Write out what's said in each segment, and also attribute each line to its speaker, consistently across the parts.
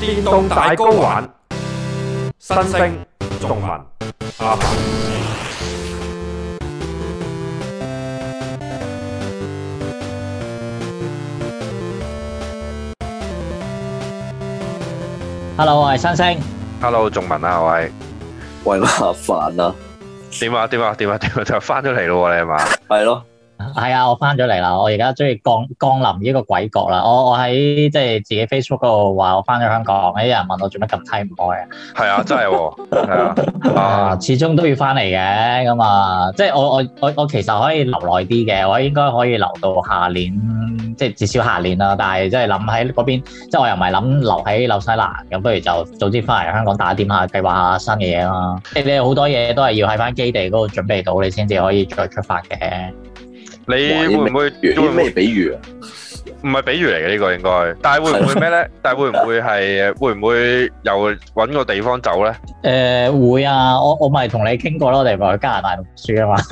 Speaker 1: 電動大 GO 玩，新星仲文啊！Hello，係新星。Hello，仲文啊，喂，喂，麻煩啦，點啊，點啊，點啊，點啊，就返咗嚟咯，你係嘛？係咯。係
Speaker 2: 啊，我翻咗嚟啦，我而家中意降降臨呢個鬼國啦。我我喺即係自己 Facebook 嗰度話我翻咗香港，有人問我做乜咁睇唔開
Speaker 1: 嘅。係啊，真係，係啊，啊，
Speaker 2: 始終都要翻嚟嘅，咁啊，即係我我我我其實可以留耐啲嘅，我應該可以留到下年，即係至少下年啦。但係即係諗喺嗰邊，即係我又唔係諗留喺紐西蘭，咁不如就早啲翻嚟香港打點下計劃，計劃下新嘅嘢啦。即係你好多嘢都係要喺翻基地嗰度準備到，你先至可以再出發嘅。
Speaker 1: 你會唔會咩比喻啊？唔係比喻嚟嘅呢個應該，但係會唔會咩咧？ 但係會唔會係會唔會又搵個地方走咧？
Speaker 2: 誒、欸，會啊！我我咪同你傾過咯，我哋咪去加拿大讀書啊嘛。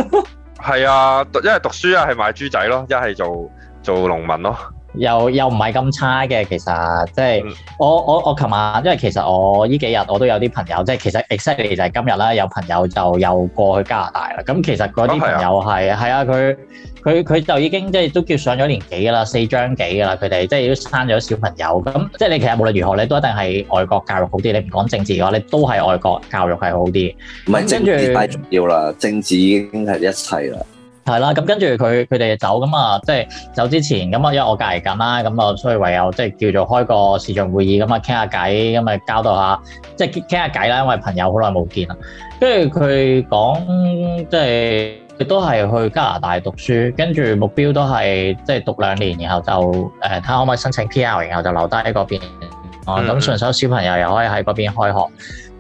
Speaker 1: 係 啊，因為讀書啊係賣豬仔咯，一係做做農民咯。
Speaker 2: 又又唔係咁差嘅，其實即係、就是、我我我琴晚，因為其實我呢幾日我都有啲朋友，即、就、係、是、其實 exactly 就係今日啦，有朋友就又過去加拿大啦。咁其實嗰啲朋友係係、哦、啊、佢、啊。佢佢就已經即係都叫上咗年紀㗎啦，四張幾㗎啦，佢哋即係都生咗小朋友咁，即係你其實無論如何，你都一定係外國教育好啲。你唔講政治嘅話，你都係外國教育係好啲。
Speaker 3: 唔係，跟住政治太重要啦，政治已經係一切啦。
Speaker 2: 係啦，咁跟住佢佢哋走咁啊，即係走之前咁啊，因為我隔離緊啦，咁啊，所以唯有即係叫做開個視像會議咁啊，傾下偈咁啊，交到下即係傾下偈啦，因為朋友好耐冇見啦。跟住佢講即係，亦都係去加拿大讀書，跟住目標都係即係讀兩年，然後就誒睇下可唔可以申請 P.R.，然後就留低喺嗰邊。咁、嗯啊、順手小朋友又可以喺嗰邊開學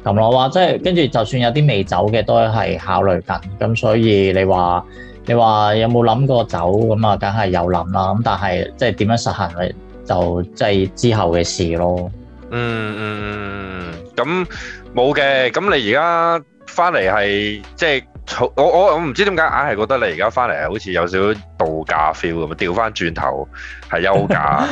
Speaker 2: 咁咯。話即係跟住，就算有啲未走嘅都係考慮緊。咁所以你話你話有冇諗過走？咁啊，梗係有諗啦。咁但係即係點樣實行咧？就即係之後嘅事
Speaker 3: 咯。嗯嗯
Speaker 1: 咁冇嘅。咁你而家翻嚟係即係。就是我我我唔知點解，硬係覺得你而家翻嚟好似有少少度假 feel 咁啊！調翻轉頭係休假，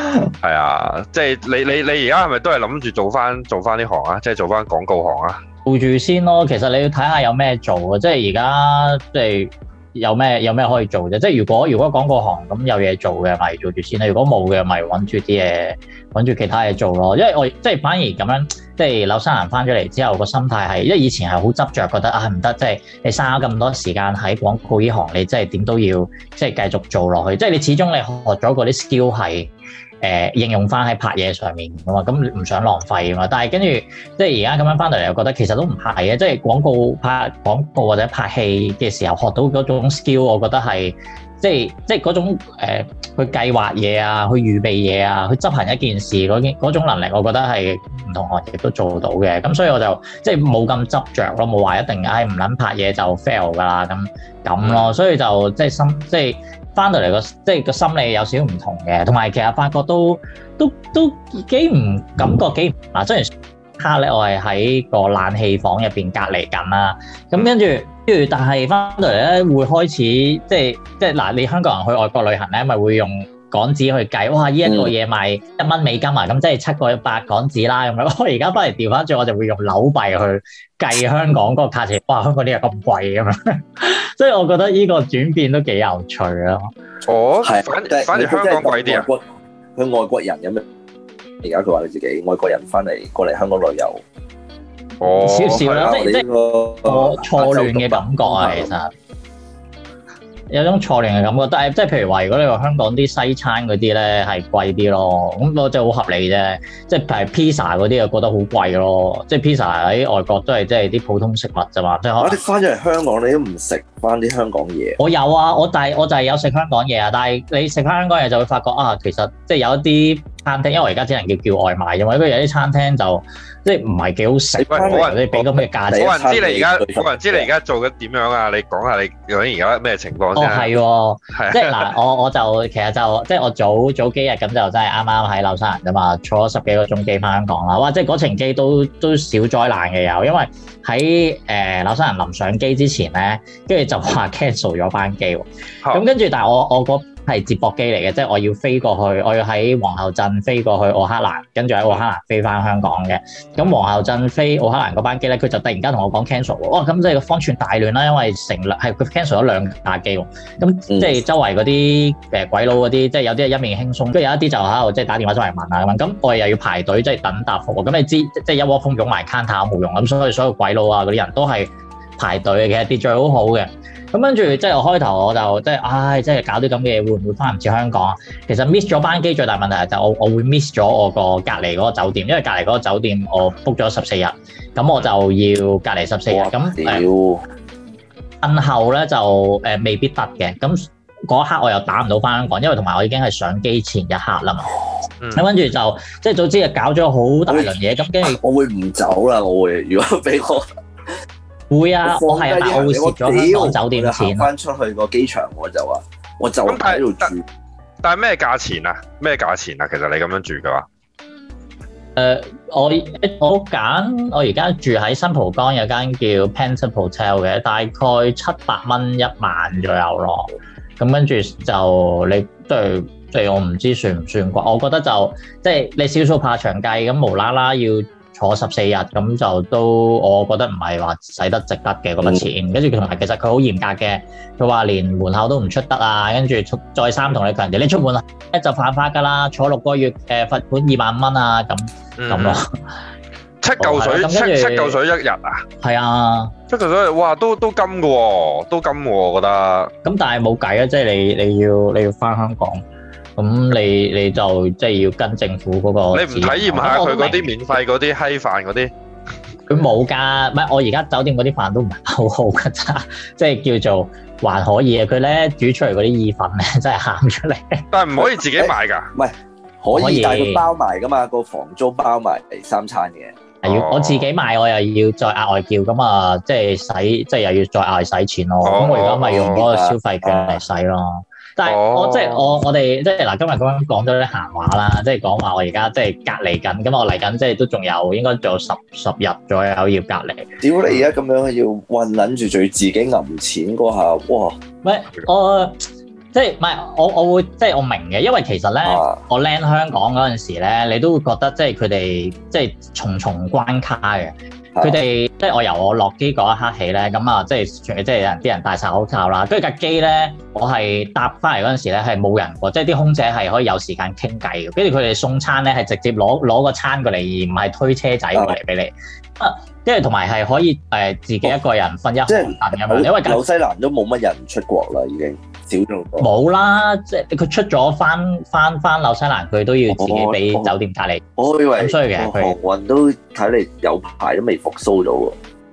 Speaker 1: 係 啊，即係你你你而家係咪都係諗住做翻做翻呢行啊？即係做翻廣告行啊？
Speaker 2: 先住先咯，其實你要睇下有咩做啊！即係而家即係。就是有咩有咩可以做啫？即係如果如果廣告行咁有嘢做嘅，咪做住先啦。如果冇嘅，咪揾住啲嘢揾住其他嘢做咯。因為我即係反而咁樣，即係紐西蘭翻咗嚟之後，個心態係，因為以前係好執着，覺得啊唔得，即係你嘥咗咁多時間喺廣告呢行，你即係點都要即係繼續做落去。即係你始終你學咗嗰啲 skill 係。誒，應用翻喺拍嘢上面咁嘛，咁唔想浪費㗎嘛。但係跟住即係而家咁樣翻到嚟，我覺得其實都唔係嘅。即係廣告拍廣告或者拍戲嘅時候學到嗰種 skill，我覺得係即係即係嗰種、呃、去計劃嘢啊，去預備嘢啊，去執行一件事嗰種能力，我覺得係唔同行亦都做到嘅。咁所以我就即係冇咁執着、哎、咯，冇話一定唉唔撚拍嘢就 fail 噶啦。咁咁咯，所以就即係心即係。翻到嚟個即係個心理有少少唔同嘅，同埋其實發覺都都都幾唔感覺幾啊！雖然卡咧，我係喺個冷氣房入邊隔離緊啦，咁跟住跟住，但係翻到嚟咧會開始即係即係，嗱，你香港人去外國旅行咧，咪會用。港紙去計，哇！呢一個嘢賣一蚊美金啊，咁即係七個八港紙啦，咁樣。我而家翻嚟調翻轉，我就會用紐幣去計香港嗰個價錢。哇！香港啲嘢咁貴咁樣， 所以我覺得呢個轉變都幾有趣咯。
Speaker 3: 哦，
Speaker 1: 係，反反而香港而貴啲啊？
Speaker 3: 佢外國人咁樣，而家佢話佢自己外國人翻嚟過嚟香港旅遊，哦、少少啦，的即係即係錯亂
Speaker 2: 嘅感覺啊，其實、哦。哦。有種錯亂嘅感覺，但係即係譬如話，如果你話香港啲西餐嗰啲咧係貴啲咯，咁我真係好合理啫。即係譬如 pizza 嗰啲啊，覺得好貴咯。即係 pizza 喺外國都係即係啲普通食物咋嘛。我哋
Speaker 3: 翻咗嚟香港，你都唔食翻啲香港嘢。我
Speaker 2: 有啊，我，我，我就係有食香港嘢啊。但係你食翻香港嘢就會發覺啊，其實即係有一啲。餐廳，因為我而家只能叫叫外賣，因為有啲餐廳就即係唔係幾好食，冇人知俾到咩價值。我唔知你而家，我唔知你而
Speaker 1: 家做緊點樣啊？你講下你嗰而家咩情況先，啊？係、哦，的即係嗱，我
Speaker 2: 我就其實就即係我早早幾日咁就真係啱啱喺紐西蘭噶嘛，坐咗十幾個鐘機返香港啦，哇！即係嗰程機都都小災難嘅有，因為喺誒紐西蘭臨上機之前咧，跟住就話 cancel 咗班機，咁跟住但係我我係接駁機嚟嘅，即係我要飛過去，我要喺皇后鎮飛過去奧克蘭，跟住喺奧克蘭飛翻香港嘅。咁皇后鎮飛奧克蘭嗰班機咧，佢就突然間同我講 cancel 喎。咁即係個方寸大亂啦，因為成日佢 cancel 咗兩架機喎。咁即係周圍嗰啲誒鬼佬嗰啲，即係有啲係一面輕鬆，跟住有一啲就喺度即係打電話出嚟問下，咁樣。咁我哋又要排隊，即係等答覆喎。咁你知即係一窩蜂擁埋 contact 冇用咁，所以所有鬼佬啊嗰啲人都係排隊嘅，其實秩序好好嘅。咁跟住，即係我開頭我就即係，唉，即係搞啲咁嘅嘢，會唔會翻唔切香港啊？其實 miss 咗班機最大問題就我，我會 miss 咗我個隔離嗰個酒店，因為隔離嗰個酒店我 book 咗十四日，咁我就要隔離十四日。咁，暗、啊嗯嗯、後咧就誒、呃、未必得嘅。咁嗰一刻我又打唔到翻香港，因為同埋我已經係上機前一刻啦嘛。咁、嗯、跟住就即係早知係搞咗
Speaker 3: 好大輪嘢。咁我，你我會唔走啦？我會，如果俾我。 會啊，我係啊，我會蝕咗酒店錢。行翻出去個機場我就話，我就喺度住。
Speaker 1: 但係咩價錢啊？咩價錢啊？其實你咁樣住嘅話，
Speaker 2: 誒，我我揀我而家住喺新蒲崗，有間叫 Penta Hotel 嘅，大概七百蚊一晚左右咯。咁跟住就你對對我唔知算唔算啩？我覺得就即係你少數怕長計，咁無啦啦要。坐十四日咁就都，我覺得唔係話使得值得嘅嗰筆錢。跟住同埋其實佢好嚴格嘅，佢話連門口都唔出得啊。跟住再三同你強調，你出門啊，一就犯法㗎啦，坐六個月誒、呃、罰款二萬五蚊啊咁
Speaker 1: 咁咯。七嚿水,、啊啊、水，七七嚿水一日啊？係啊，七嚿水哇，都都金嘅喎，都金喎、哦，金哦、我覺得。咁但係冇計啊，即、就、係、是、你你，你要你
Speaker 2: 要返香港。咁你你就即係要跟政府嗰個，你唔體驗下佢嗰啲
Speaker 1: 免費嗰啲閪飯嗰啲？
Speaker 2: 佢冇加，唔係我而家酒店嗰啲飯都唔係好好噶咋，即係叫做還可以啊。佢咧煮出嚟嗰啲意粉咧真係喊出嚟。
Speaker 3: 但係唔可以自己買㗎，唔係、欸、可以，但係佢包埋㗎嘛，個房租包埋三餐
Speaker 2: 嘅。係要、哦、我自己買，我又要再額外叫咁啊，即係使即係又要再嗌使錢咯。咁、哦、我而家咪用嗰個消費券嚟使咯。啊啊
Speaker 3: 但係我即係、oh. 我
Speaker 2: 我哋即係嗱今日咁樣講咗啲閒話啦，即係講話我而家即係隔離緊，咁我嚟緊即係都仲有應該仲有十十日左右要隔離。
Speaker 3: 屌你而家咁樣要韞撚住，仲要自己揼錢嗰下，哇！咩？
Speaker 2: 係我、呃、即係唔係我我會即係我明嘅，因為其實咧、啊、我 land 香港嗰陣時咧，你都會覺得即係佢哋即係重重關卡嘅。佢哋、啊、即係我由我落機嗰一刻起咧，咁啊，即係即係啲人戴晒口罩啦。跟住架機咧，我係搭翻嚟嗰陣時咧係冇人過，即係啲空姐係可以有時間傾偈嘅。跟住佢哋送餐咧係直接攞攞個餐過嚟，而唔係推車仔過嚟俾你。啊，跟住同埋係可以誒、呃、自己一個人瞓一，即係是因為紐西蘭
Speaker 3: 都冇乜人出國啦，已經。少
Speaker 2: 用冇啦，即係佢出咗翻翻翻紐西蘭，佢都要自己俾酒店隔離。哦、
Speaker 3: 我以為咁衰嘅，航運都睇嚟有排都未復甦到，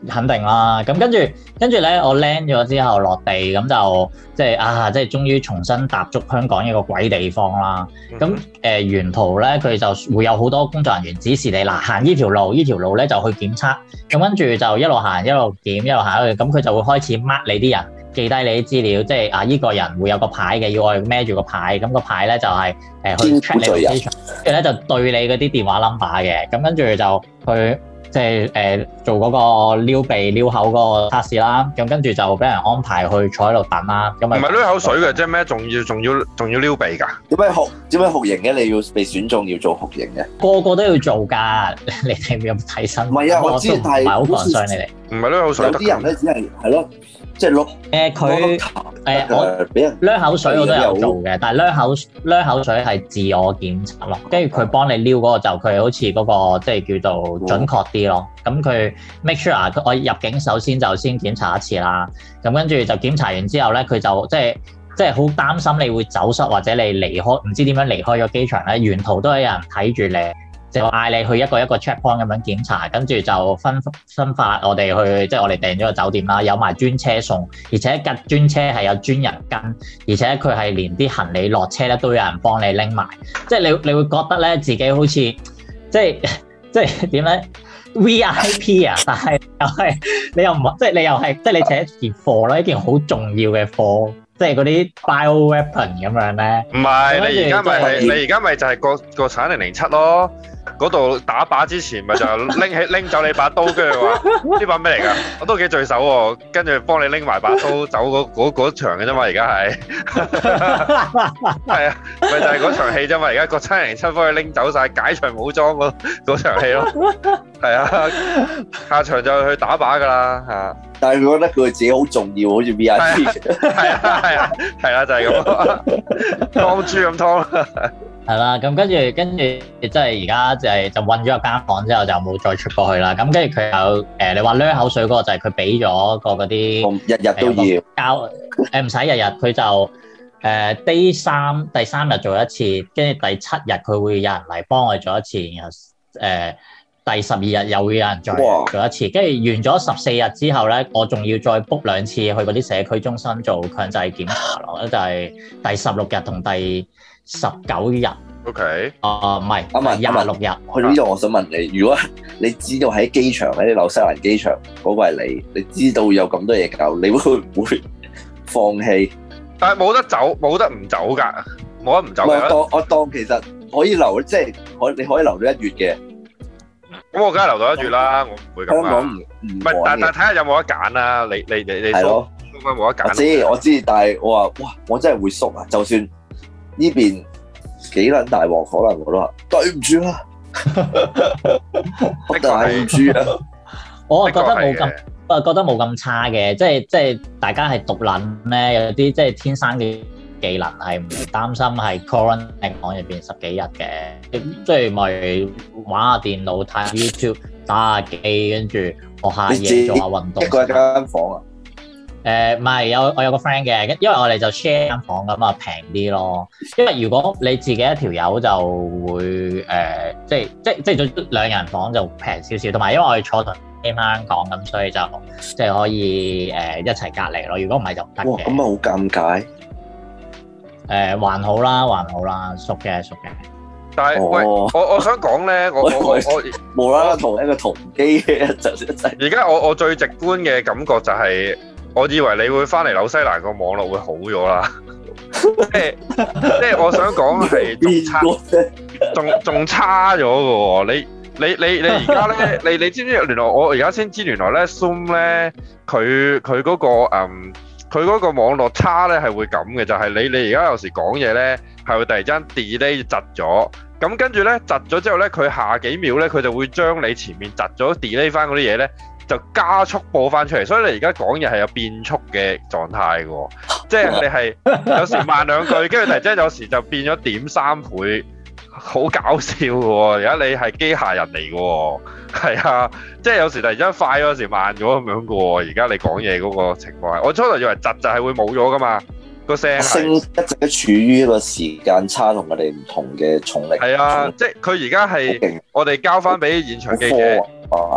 Speaker 2: 肯定啦，咁跟住跟住咧，我 land 咗之後落地，咁就即係啊，即係終於重新踏足香港一個鬼地方啦。咁誒、嗯哼，沿途咧佢就會有好多工作人員指示你嗱，行呢條路，條路呢條路咧就去檢測。咁跟住就一路行一路檢，一路行咁佢就會開始 mark 你啲人。記低你啲資料，即係啊，依個人會有個牌嘅，要我係孭住個牌，咁個牌咧就係、是、誒、呃、去 check 你嘅資料，跟住咧就對你嗰啲電話 number 嘅，咁跟住就去即係誒做嗰個撩鼻撩口嗰個測試啦，咁跟住就俾人安排去坐喺度等啦。咁唔係撩口水
Speaker 3: 嘅，即係咩？仲要仲要仲要撩鼻㗎？點解學點解學型嘅？你要被選中要做學型嘅？
Speaker 2: 個個都要做㗎，你哋有冇睇身？唔係啊，我知道，但係好似唔係好講上你哋。
Speaker 3: 唔係咧，有啲人咧只係係咯。即係攞誒佢誒我口水我都有做嘅，
Speaker 2: 但係口口水係自我檢查咯。跟住佢幫你撩嗰、嗰個就佢好似嗰個即係叫做準確啲咯。咁佢、嗯、make sure 我入境首先就先檢查一次啦。咁跟住就檢查完之後咧，佢就即係即係好擔心你會走失或者你離開唔知點樣離開咗機場咧，沿途都有人睇住你。就嗌你去一個一個 check point 咁樣檢查，跟住就分分發我哋去，即係我哋訂咗個酒店啦，有埋專車送，而且吉專車係有專人跟，而且佢係連啲行李落車咧都有人幫你拎埋，即係你你會覺得咧自己好似即係即係點咧 VIP 啊，但係又係你又唔即係你又係即係你請一件貨咯，一件好重要嘅貨，即係嗰啲 bio weapon 咁樣咧。唔係，你
Speaker 1: 而家咪係你而家咪就係國國產零零七咯。嗰度打靶之前咪就拎、是、起拎走你把刀，跟住話呢把咩嚟噶？我都幾聚手喎，跟住幫你拎埋把刀走嗰場嘅啫嘛，而家係，係 啊，咪就係、是、嗰場戲啫嘛，而家個七零七可以拎走晒，解除武裝嗰嗰場戲咯，係啊，下場就去打靶噶啦嚇。
Speaker 3: 但係佢覺得佢自己好重要，好似 VIP，係啊係啊係啦，就係咁，當豬咁劏。
Speaker 2: 係啦，咁跟住跟住，即係而家就係就揾咗間房之後，就冇再出過去啦。咁跟住佢有誒，你話撩口水嗰個就係佢俾咗個嗰啲，日日都要交誒，唔使日日，佢就誒第三第三日做一次，跟住第七日佢會有人嚟幫我做一次，然後誒。第十二日又會有人再做一次，跟住嘩完咗十四日之後咧，我仲要再 book 兩次去嗰啲社區中心做強制檢查咯， 就係第十六日同
Speaker 3: 第十九日。OK，啊唔係，啱啊，廿六日。去到呢度我想問你，如果你知道喺機場喺啲紐西蘭機場嗰、嗰個係你，你知道有咁多嘢搞，你會唔會放棄？ 但係冇得走，冇得唔走㗎，冇得唔走。我當我當，我當其實可以留，即、就、係、是、可你可以留到一月嘅。
Speaker 1: 咁我梗係留到得住啦，我唔會咁啊。唔唔係，但但睇下有冇得揀啦。你你你你係咯，根本冇得揀。我知我，我知，我
Speaker 3: 知但係我話哇，我真係會縮啊！就算呢邊幾捻大鑊，可能我都話對唔住 啦。咁就係
Speaker 2: 我係覺得冇咁，我係覺得冇咁差嘅，即係即係大家係獨捻咩？有啲即係天生嘅。技能係唔擔心係 coronning 房入邊十幾日嘅，即係咪玩下電腦睇下 YouTube、打下機，跟住學下嘢、做下運動。
Speaker 3: 一個人一間房啊？
Speaker 2: 誒唔係，我有我有個 friend 嘅，因為我哋就 share 間房咁啊，平啲咯。因為如果你自己一條友就會誒、呃，即係即即最兩人房就平少少，同埋因為我哋坐喺 A 班房咁，所以就即係可以誒、呃、一齊隔離咯。如果唔係就唔得咁啊，好尷尬。誒，還
Speaker 1: 好啦，還
Speaker 2: 好啦，熟嘅熟嘅。
Speaker 1: 但係是、oh. 喂，我我想講咧，我 我我
Speaker 3: 無啦啦同一個同機嘅，
Speaker 1: 而家我我，我最直觀嘅感覺就係，我以為你會翻嚟紐西蘭個網絡會好咗啦，即係即係我想講係差，仲仲 差咗嘅。你你你你而家咧，你你，你，呢你，你知唔知原來我而家先知原來咧，Zoom 咧佢佢嗰個嗯。佢嗰個網絡差咧係會咁嘅，就係你你而家有時講嘢咧係會突然間 delay 窒咗，咁跟住咧窒咗之後咧，佢下幾秒咧佢就會將你前面窒咗 delay 翻嗰啲嘢咧就加速播翻出嚟，所以你而家講嘢係有變速嘅狀態嘅，即係你係有時慢兩句，跟住突然間有時就變咗點三倍，好搞笑嘅喎！而家你係機械人嚟嘅喎。係啊，即係有時突然間快，有時慢咗咁樣噶喎。而家你講嘢
Speaker 3: 嗰個情況，
Speaker 1: 我初頭以為窒就係會冇咗噶嘛，個聲
Speaker 3: 一直都處於個時間差同我哋唔同嘅重力。係啊，力
Speaker 1: 即係佢而家係我哋交翻俾現場記者，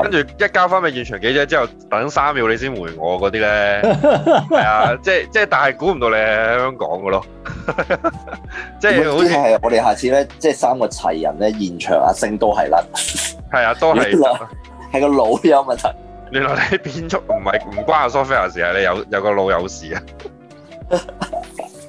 Speaker 1: 跟住、啊、一交翻俾現場記者之後，等三秒你先回我嗰啲咧，係 啊，即係即係，但係估唔到你喺香港噶咯，
Speaker 3: 即係好似係我哋下次咧，即係三個齊人咧，現場阿星都係喇。係啊，都係，係個腦有問題。
Speaker 1: 原來你變速唔係唔關阿 Sophia 事、 哎、啊，啊，你有有個腦有事啊。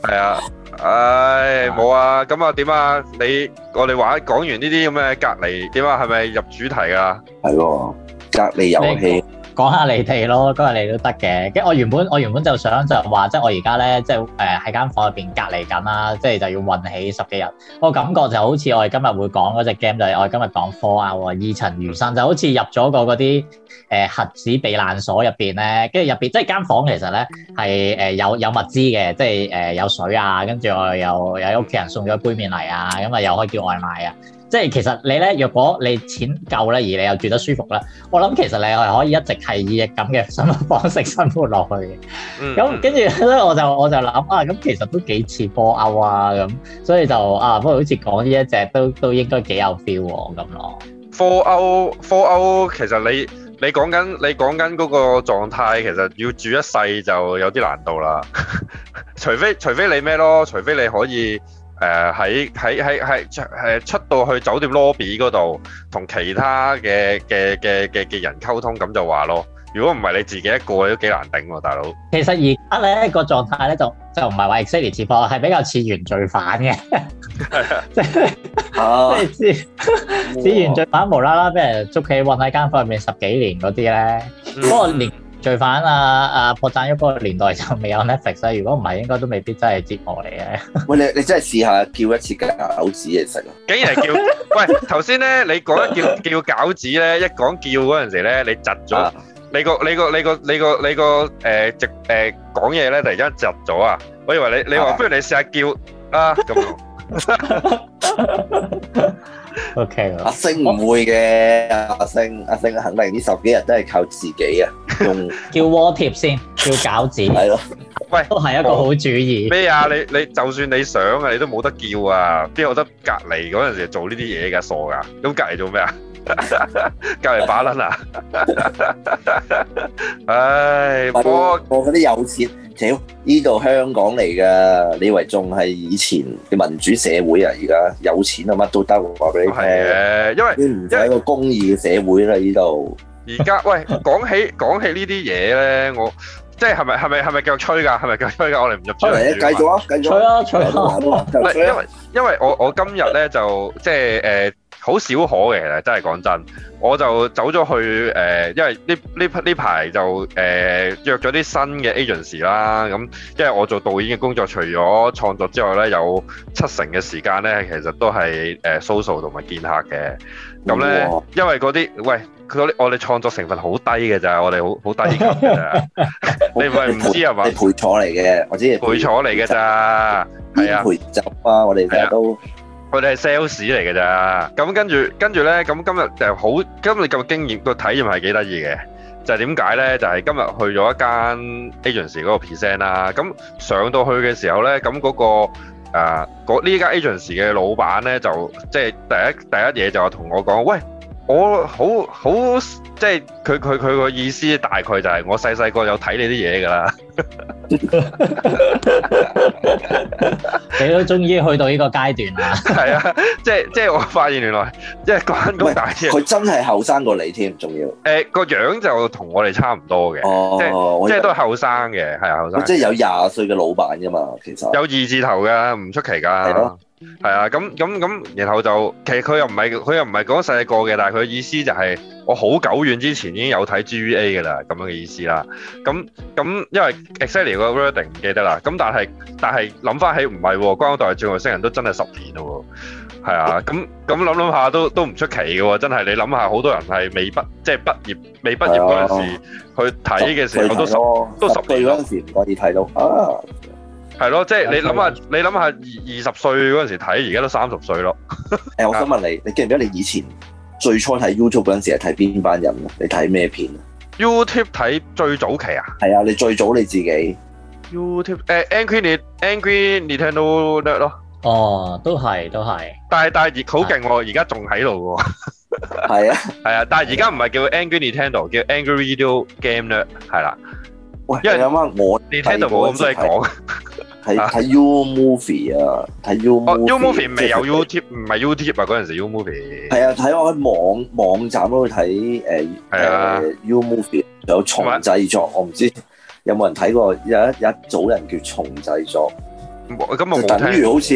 Speaker 1: 係啊，唉，冇啊，咁啊點啊？你我哋話講完呢啲咁嘅隔離，點啊係咪入主題啊？係咯，隔離遊戲。這個
Speaker 2: 講下你哋咯，嗰日你都得嘅。跟住我原本我原本就想就話，即係我而家咧，即係誒喺間房入邊隔離緊啦，即係就要運起十幾日。我感覺就好似我哋今日會講嗰隻 game，就係我哋今日講 Fallout 啊，異塵餘生，就好似入咗個嗰啲誒核子避難所入邊咧。跟住入邊即係間房其實咧係誒有有物資嘅，即係誒、呃、有水啊，跟住我又有屋企人送咗杯麵嚟啊，咁啊又可以叫外賣啊。即係其實你咧，若果你錢夠咧，而你又住得舒服咧，我諗其實你係可以一直係以隻咁嘅生活方式生活落去
Speaker 1: 嘅。嗯，咁跟住咧，
Speaker 2: 我就我就諗啊，咁其實都幾似波歐啊咁，所以就啊，不過好似講呢一隻都都應該幾有 feel 喎咁咯。科
Speaker 1: 歐科歐，其實你你講緊你講緊嗰個狀態，其實要住一世就有啲難度啦。 除非除非你咩咯，除非你可以。誒喺喺喺喺出誒出到去酒店 lobby 嗰度，同其他嘅嘅嘅嘅嘅人溝通，咁就話咯。如果唔係你自己一個，都幾難頂喎，大佬。
Speaker 2: 其實而家咧個狀態咧就就唔係話 excellence 嘅，係比較似原罪犯嘅，
Speaker 3: 即係即係似原
Speaker 2: 罪犯無啦啦俾人捉企韞喺間房入面十幾年嗰啲咧，不過年。罪犯啊！啊破產喺嗰個年代就未有 Netflix 啊！如果唔係，應該都未必真係折磨你嘅。
Speaker 3: 喂，你你真係試下叫一次嘅餃子，其實竟然係叫！喂，頭先咧你講一叫叫
Speaker 1: 餃子咧，一講叫嗰陣時咧，你窒咗，你個你個你個你個你個誒直誒講嘢咧，突然間窒咗啊！我以為你你話不如你試下叫啊
Speaker 3: 咁。O Okay . K，阿星唔會嘅，oh. 阿星阿星肯定呢十幾日都係靠自己啊，用、嗯、 叫鍋貼先，叫餃子係咯， 了喂都係一個好主意。咩
Speaker 1: 啊？你你就算你想啊，你都冇得叫啊，邊有得隔離嗰陣時做呢啲嘢㗎傻㗎，咁隔離做咩啊？隔籬 把撚啊！
Speaker 3: 唉，哎、呀但 我我嗰啲有錢，屌呢度香港嚟噶，你以為仲係以前嘅民主社會啊？而家有錢啊，乜都得。話俾你聽，係嘅，因為唔係一個公義嘅社會啦。呢度
Speaker 1: 而家，喂，講起講起呢啲嘢咧，我即係係咪係咪係咪繼續吹噶？係咪繼續吹噶？我哋唔入的繼續吹，繼續啊，繼續啊，續
Speaker 2: 吹啊，吹啊。唔係因為因為，
Speaker 1: 因為我我今日咧就即係誒。呃好少可嘅，其實真係講真，我就走咗去誒，因為呢呢呢排就誒約咗啲新嘅 agency 啦。咁因為我做導演嘅工作，除咗創作之外咧，有七成嘅時間咧，其實都係誒 social 同埋見客嘅。咁咧，因為嗰啲喂，嗰啲我哋創作成分好低嘅咋，我哋好好低級嘅咋。你唔係唔知係嘛？你
Speaker 3: 陪坐嚟嘅，我知陪坐嚟嘅咋。係啊，陪集啊，我哋成日都。
Speaker 1: 佢哋係 sales 嚟嘅咋，咁跟住跟住咧，咁今日就好，今日咁經驗個體驗係幾得意嘅，就係點解咧？就係、係、今日去咗一間 agency 嗰個 present 啦，咁上到去嘅時候咧，咁嗰、嗰個誒呢間 agency 嘅老闆咧，就即係第一第一嘢就係同我講，喂。我好好，即係佢佢佢個意思大概就係我細細個有睇你啲嘢噶啦，你都終於去
Speaker 3: 到呢個階段啦。
Speaker 1: 係啊，即係即係我發現原來即係關咁大嘅。佢真
Speaker 3: 係後生過你添，仲要
Speaker 1: 誒、欸、個樣就同我哋差唔多嘅。哦，即係都後
Speaker 3: 生嘅，係啊，後生。即係有廿歲嘅老闆啫嘛，其實有二字頭噶，唔出奇噶。
Speaker 1: 係啊，咁咁咁，然後就其實佢又唔係佢又唔係講細個嘅，但係佢意思就係、是、我好久遠之前已經有睇 GVA 嘅啦，咁樣嘅意思啦。咁咁因為 Excel 個 rating 唔記得啦。咁但係但係諗翻起唔係，光大戰外星人都真係十年咯，係啊。咁咁諗諗下都都唔出奇嘅，真係你諗下，好多人係未畢即係畢業未畢業嗰陣時去睇嘅時候都的十都十
Speaker 3: 歲嗰陣時唔可以睇到啊。
Speaker 1: 係咯，即係你諗下，嗯、你諗下二二十歲嗰陣時睇，而家都三十歲咯。
Speaker 3: 誒， 我想問你，你記唔記得你以前最初睇 YouTube 嗰陣時係睇邊班人？你睇咩片？
Speaker 1: YouTube 睇最早期啊？
Speaker 3: 係啊，你最早你自己 YouTube
Speaker 1: 誒、呃、，Angry Ni Angry Nintendo Nerd 咯。哦，都係都係，但係但係好勁喎，而家仲喺度喎。係 啊係 啊，但係而家唔係叫 Angry Nintendo，叫 Angry Video Game Nerd，啊，係啦
Speaker 3: 喂。因為點啊、欸，我你 Tendo 冇咁多嘢講。睇睇 u Movie 啊，睇 u Movie 未、oh, Your 是有
Speaker 1: YouTube，唔係 YouTube 啊，嗰陣時 u Movie
Speaker 3: 係啊，睇我喺網網站嗰度睇誒誒 u Movie，有重製作，麼我唔知有冇人睇過，有一有一組人叫重製作，咁就等於好似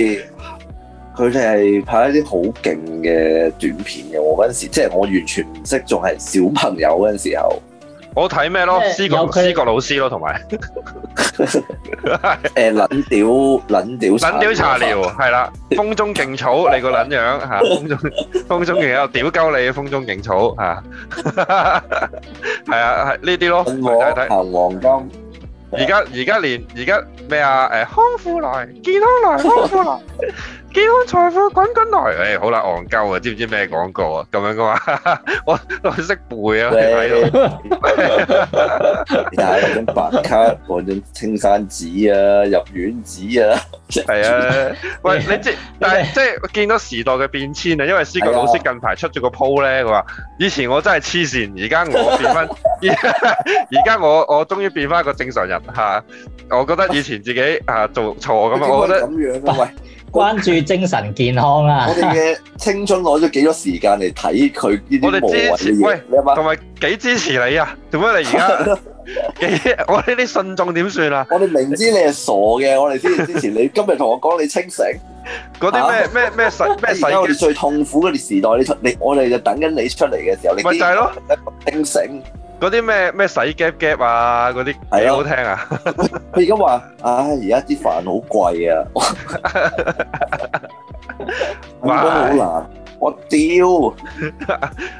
Speaker 3: 佢哋係拍一啲好勁嘅短片嘅，我嗰陣時即係我完全唔識，仲係小朋友嗰陣時候。
Speaker 1: 我睇咩咯？思教思教老師咯，同埋
Speaker 3: 誒，撚屌撚屌撚屌茶寮，
Speaker 1: 係啦，風中勁草，你個撚樣吓，風中風中勁有屌鳩你，風中勁草吓，係啊，係呢啲咯，睇睇含黃金，而家而家連而家咩啊？誒，康富來，健康來，康富來。健康財富滾滾來，誒、欸，好啦，戇鳩啊，知唔知咩廣告啊？咁樣噶嘛，我
Speaker 3: 我識背啊，喺度對。戴張白卡，換張青山紙啊，入院紙啊，係啊 對。喂是，
Speaker 1: 你即係，但係即係，見到時代嘅變遷啊。因為思覺老師
Speaker 3: 近排出咗個 po 咧，佢話
Speaker 1: 以前我真係黐線，而家我變翻，而家而家我我終於變翻一個正
Speaker 3: 常人吓、啊。我覺得以前自己啊做錯咁啊，我覺得咁樣啊，喂是。 關
Speaker 2: 注精神健康啊！ 我哋嘅
Speaker 3: 青春攞咗幾多時間嚟睇佢呢啲毛啊，你阿同埋幾支持你啊？做解你而家、 啊？我呢啲信眾點算啊？我哋明知你係傻嘅，我哋先支持你。今日同我講你清醒，嗰啲咩咩咩世咩世？而家我哋最痛苦嗰啲時代，你出你我哋就等緊你出嚟嘅時候，咪就係咯，清醒。
Speaker 1: 嗰啲咩咩洗 gap gap 啊，嗰啲係啊好
Speaker 3: 聽啊！佢而家話：「唉，而家啲飯好貴啊，揾工好難。我屌，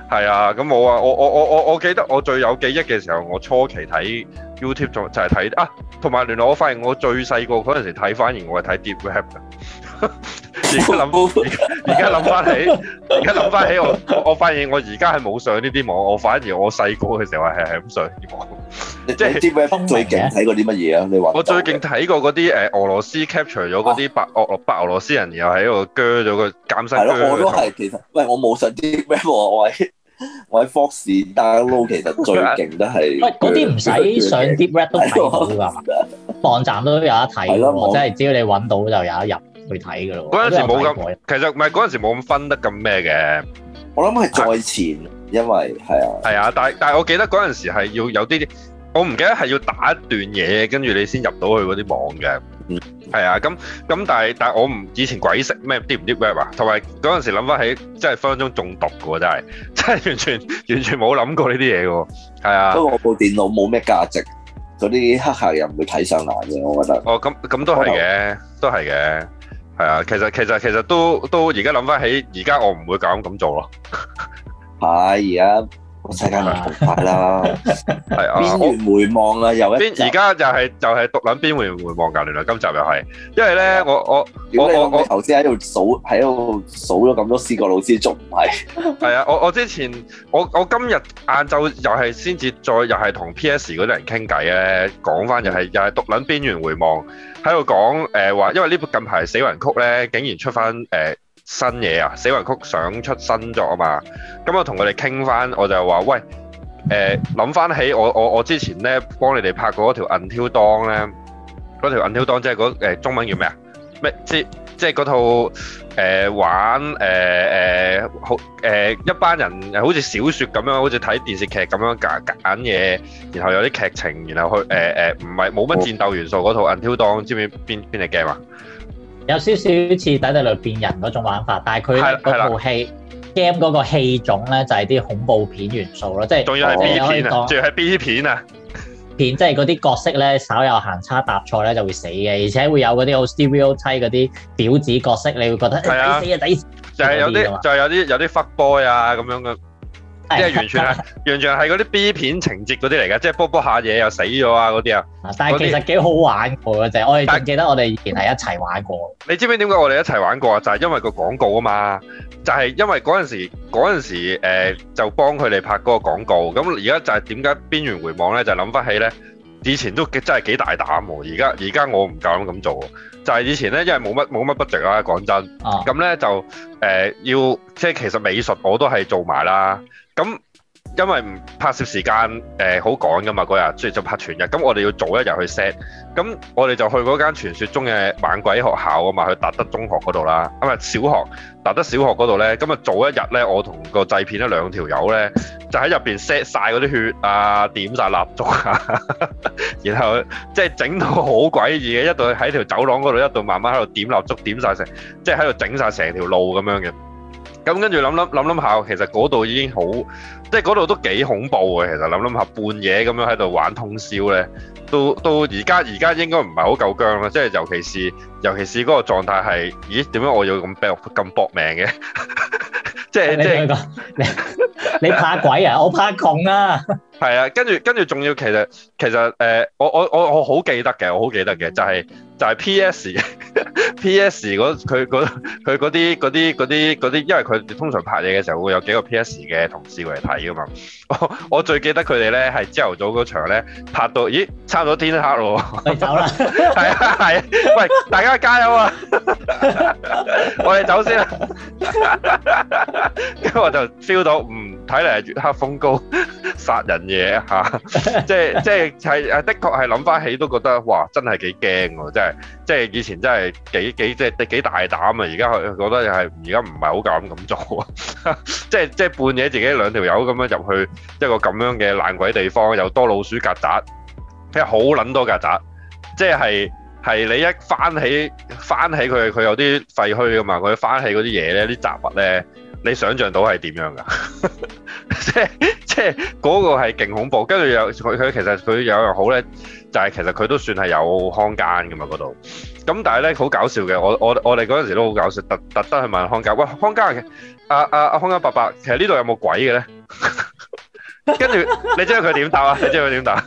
Speaker 3: 係
Speaker 1: 啊，咁冇啊！我我我我我記得我最有記憶嘅時候，我初期睇 YouTube 就就係睇啊，同埋原來我發現我最細個嗰陣時睇，反而我係睇 Deep Web 嘅。而家諗，而家諗翻起，而家諗翻起，我我，我發現我而家係冇上呢啲網，我反而我細個嘅時候係係咁上網。
Speaker 3: 你即係 Deep Web 最勁睇過啲乜嘢啊？你話我最
Speaker 1: 勁睇過嗰啲誒，俄羅斯 capture 咗嗰啲白俄白俄羅斯人
Speaker 3: 又喺度鋸咗個監生。係咯，我都係其實，喂，我冇上啲 Deep Web 我喺我喺 Fox Star 撈，其實最勁都係喂嗰啲唔使上啲 Deep Web 都睇到噶，
Speaker 2: 網站都有得睇，我，我真係只要你搵到就有得入。去睇嘅咯。嗰陣時冇咁，
Speaker 1: 其實唔係嗰陣時冇咁分得咁咩嘅。我諗係再前，
Speaker 3: 因為係啊，
Speaker 1: 係啊。但但係我記得嗰陣時係要有啲，我唔記得係要打一段嘢，跟住你先入到去嗰啲網嘅。嗯，係啊。咁咁，但係但係我唔以前鬼識咩啲唔啲咩啊。同埋嗰陣時諗翻起，真係分分鐘中毒嘅喎，真係真係完全
Speaker 3: 完全冇諗過呢啲嘢嘅喎。係啊。不過我部電腦冇咩價值，嗰啲黑客又唔會睇上眼嘅。我覺得。
Speaker 1: 哦，咁咁都係嘅，都係嘅。係啊，其實其實其實都都而家諗翻起，而家我唔會敢咁做咯。係而家世界唔同化啦，係啊，邊緣回望啊，又一而家就係就係毒撚邊緣回望噶，原來今集又係，因為咧我我
Speaker 3: 我我我頭先喺度數喺度數咗咁多思覺老師，仲唔係？
Speaker 1: 係啊，我我之前我我今日晏晝又係先至再又係同 PS 嗰啲人傾偈咧，講翻又係又係毒撚邊緣回望。喺度講誒話，因為呢部近排《死魂曲》咧，竟然出翻誒新嘢啊！《死魂曲》想出新作啊嘛，咁我同佢哋傾翻，我就話：喂，誒諗翻起我我我之前咧幫你哋拍過條銀挑當咧，嗰條銀挑當即係嗰誒中文叫咩啊？咩？即？即係嗰套誒、呃、玩誒誒好誒一班人，好似小説咁樣，好似睇電視劇咁樣揀揀嘢，然後有啲劇情，然後去誒誒，唔係冇乜戰鬥元素嗰套《Until Dawn》then, 知知，知唔知邊邊隻 game
Speaker 2: 啊？有少少似《底特律變人》嗰種玩法，但係佢嗰部戲 game 嗰個戲種咧就係、是、啲恐怖片元素咯，即係恐怖片啊！仲
Speaker 1: 要係 B 片啊！
Speaker 2: 片即係嗰啲角色咧，稍有行差踏錯咧就會死嘅，而且會有嗰啲好 stereotype 嗰啲婊子角色，你會覺得係的啊，抵死啊，
Speaker 1: 抵係、啊、有啲就係有啲有啲 fuck boy 啊咁樣嘅。即係完全係，完全係嗰啲 B 片情節嗰啲嚟嘅，即係卜卜下嘢又死咗啊嗰啲啊。但係其實幾好玩
Speaker 2: 嘅，就些我哋記得我哋以前係一齊玩過。
Speaker 1: 是你知唔知點解我哋一齊玩過啊？就係、是、因為個廣告啊嘛，就係、是、因為嗰陣時嗰陣時誒、呃，就幫佢哋拍嗰個廣告。咁而家就係點解邊緣回望咧，就諗、是、翻起咧，以前都真係幾大膽。而家而家我唔夠膽咁做。就係、是、以前咧，因為冇乜冇乜 budget 啦，講真。咁咧、嗯、就誒、呃、要即係其實美術我都係做埋啦。咁，因為唔拍攝時間誒好趕㗎嘛，嗰日即係就拍全日，咁我哋要早一日去 set，咁我哋就去嗰間傳説中嘅猛鬼學校啊嘛，去達德中學嗰度啦，咁啊小學達德小學嗰度咧，咁啊早一日咧，我同個製片咧兩條友咧，就喺入邊 set 曬嗰啲血啊，點曬蠟燭啊，然後即係整到好詭異嘅，一度喺條走廊嗰度，一度慢慢喺度點蠟燭，點曬成，即係喺度整曬成條路咁樣嘅。咁跟住諗諗諗諗下，其實嗰度已經好。即係嗰度都幾恐怖嘅，其實諗諗下，半夜咁樣喺度玩通宵咧，到到而家而家應該唔係好夠僵啦。即係尤其是尤其是嗰個狀態係，咦，點解我要咁搏咁搏命嘅？即係即
Speaker 2: 係你怕鬼啊？我怕窮啊！
Speaker 1: 係啊，跟住跟住仲要其實其實誒，我我我我好記得嘅，我好記得嘅就係就係 PS PS 嗰佢嗰佢嗰啲嗰啲嗰啲嗰啲，因為佢通常拍嘢嘅時候會有幾個 PS 嘅同事嚟睇。 我最記得佢哋呢係朝頭早嗰場呢拍到，咦，差唔多天黑咯，走啦，係 啊係啊，啊，喂，大家加油啊， 我哋走先啦，跟 住我就 feel 到，唔、嗯。睇嚟係月黑風高殺人嘢嚇，即係即係係啊，的確係諗翻起都覺得哇，真係幾驚喎！真係即係以前真係幾幾即係幾大膽啊！而家佢覺得又係而家唔係好敢咁做，即係即係半夜自己兩條友咁樣入去一個咁樣嘅爛鬼地方，又多老鼠曱甴，即係好撚多曱甴，即係係你一翻起翻起佢佢有啲廢墟㗎嘛，佢翻起嗰啲嘢咧，啲雜物咧。你想象到係點樣噶？即即嗰個係勁恐怖，跟住又佢佢其實佢有樣好咧，就係其實佢都算係有看更噶嘛嗰度。咁但係咧好搞笑嘅，我我我哋嗰陣時都好搞笑，特特登去問看更，喂看更嘅阿阿阿看更伯伯，其實呢度有冇鬼嘅咧？跟住你知佢點答啊？你知佢點答？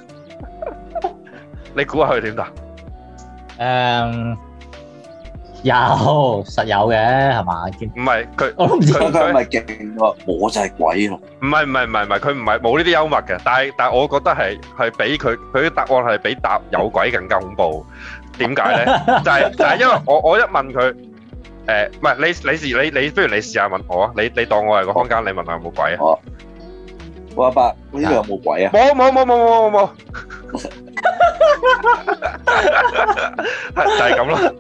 Speaker 1: 你估下佢點
Speaker 2: 答？嗯。有，實有
Speaker 3: 嘅，係嘛？唔係佢，我都唔知佢佢咪勁喎，我就係鬼咯。唔係唔係唔
Speaker 1: 係唔係，佢唔係冇呢啲幽默嘅，但係但係我覺得係係比佢佢啲答案係比答有鬼更加恐怖。點解咧？就係就係因為我我一問佢，誒唔係你你試你你，不如你試下問我啊。你你當我係個空間，你問下有冇鬼
Speaker 3: 啊？我阿伯，我依度有冇鬼啊？冇冇冇冇冇冇冇。就係咁咯，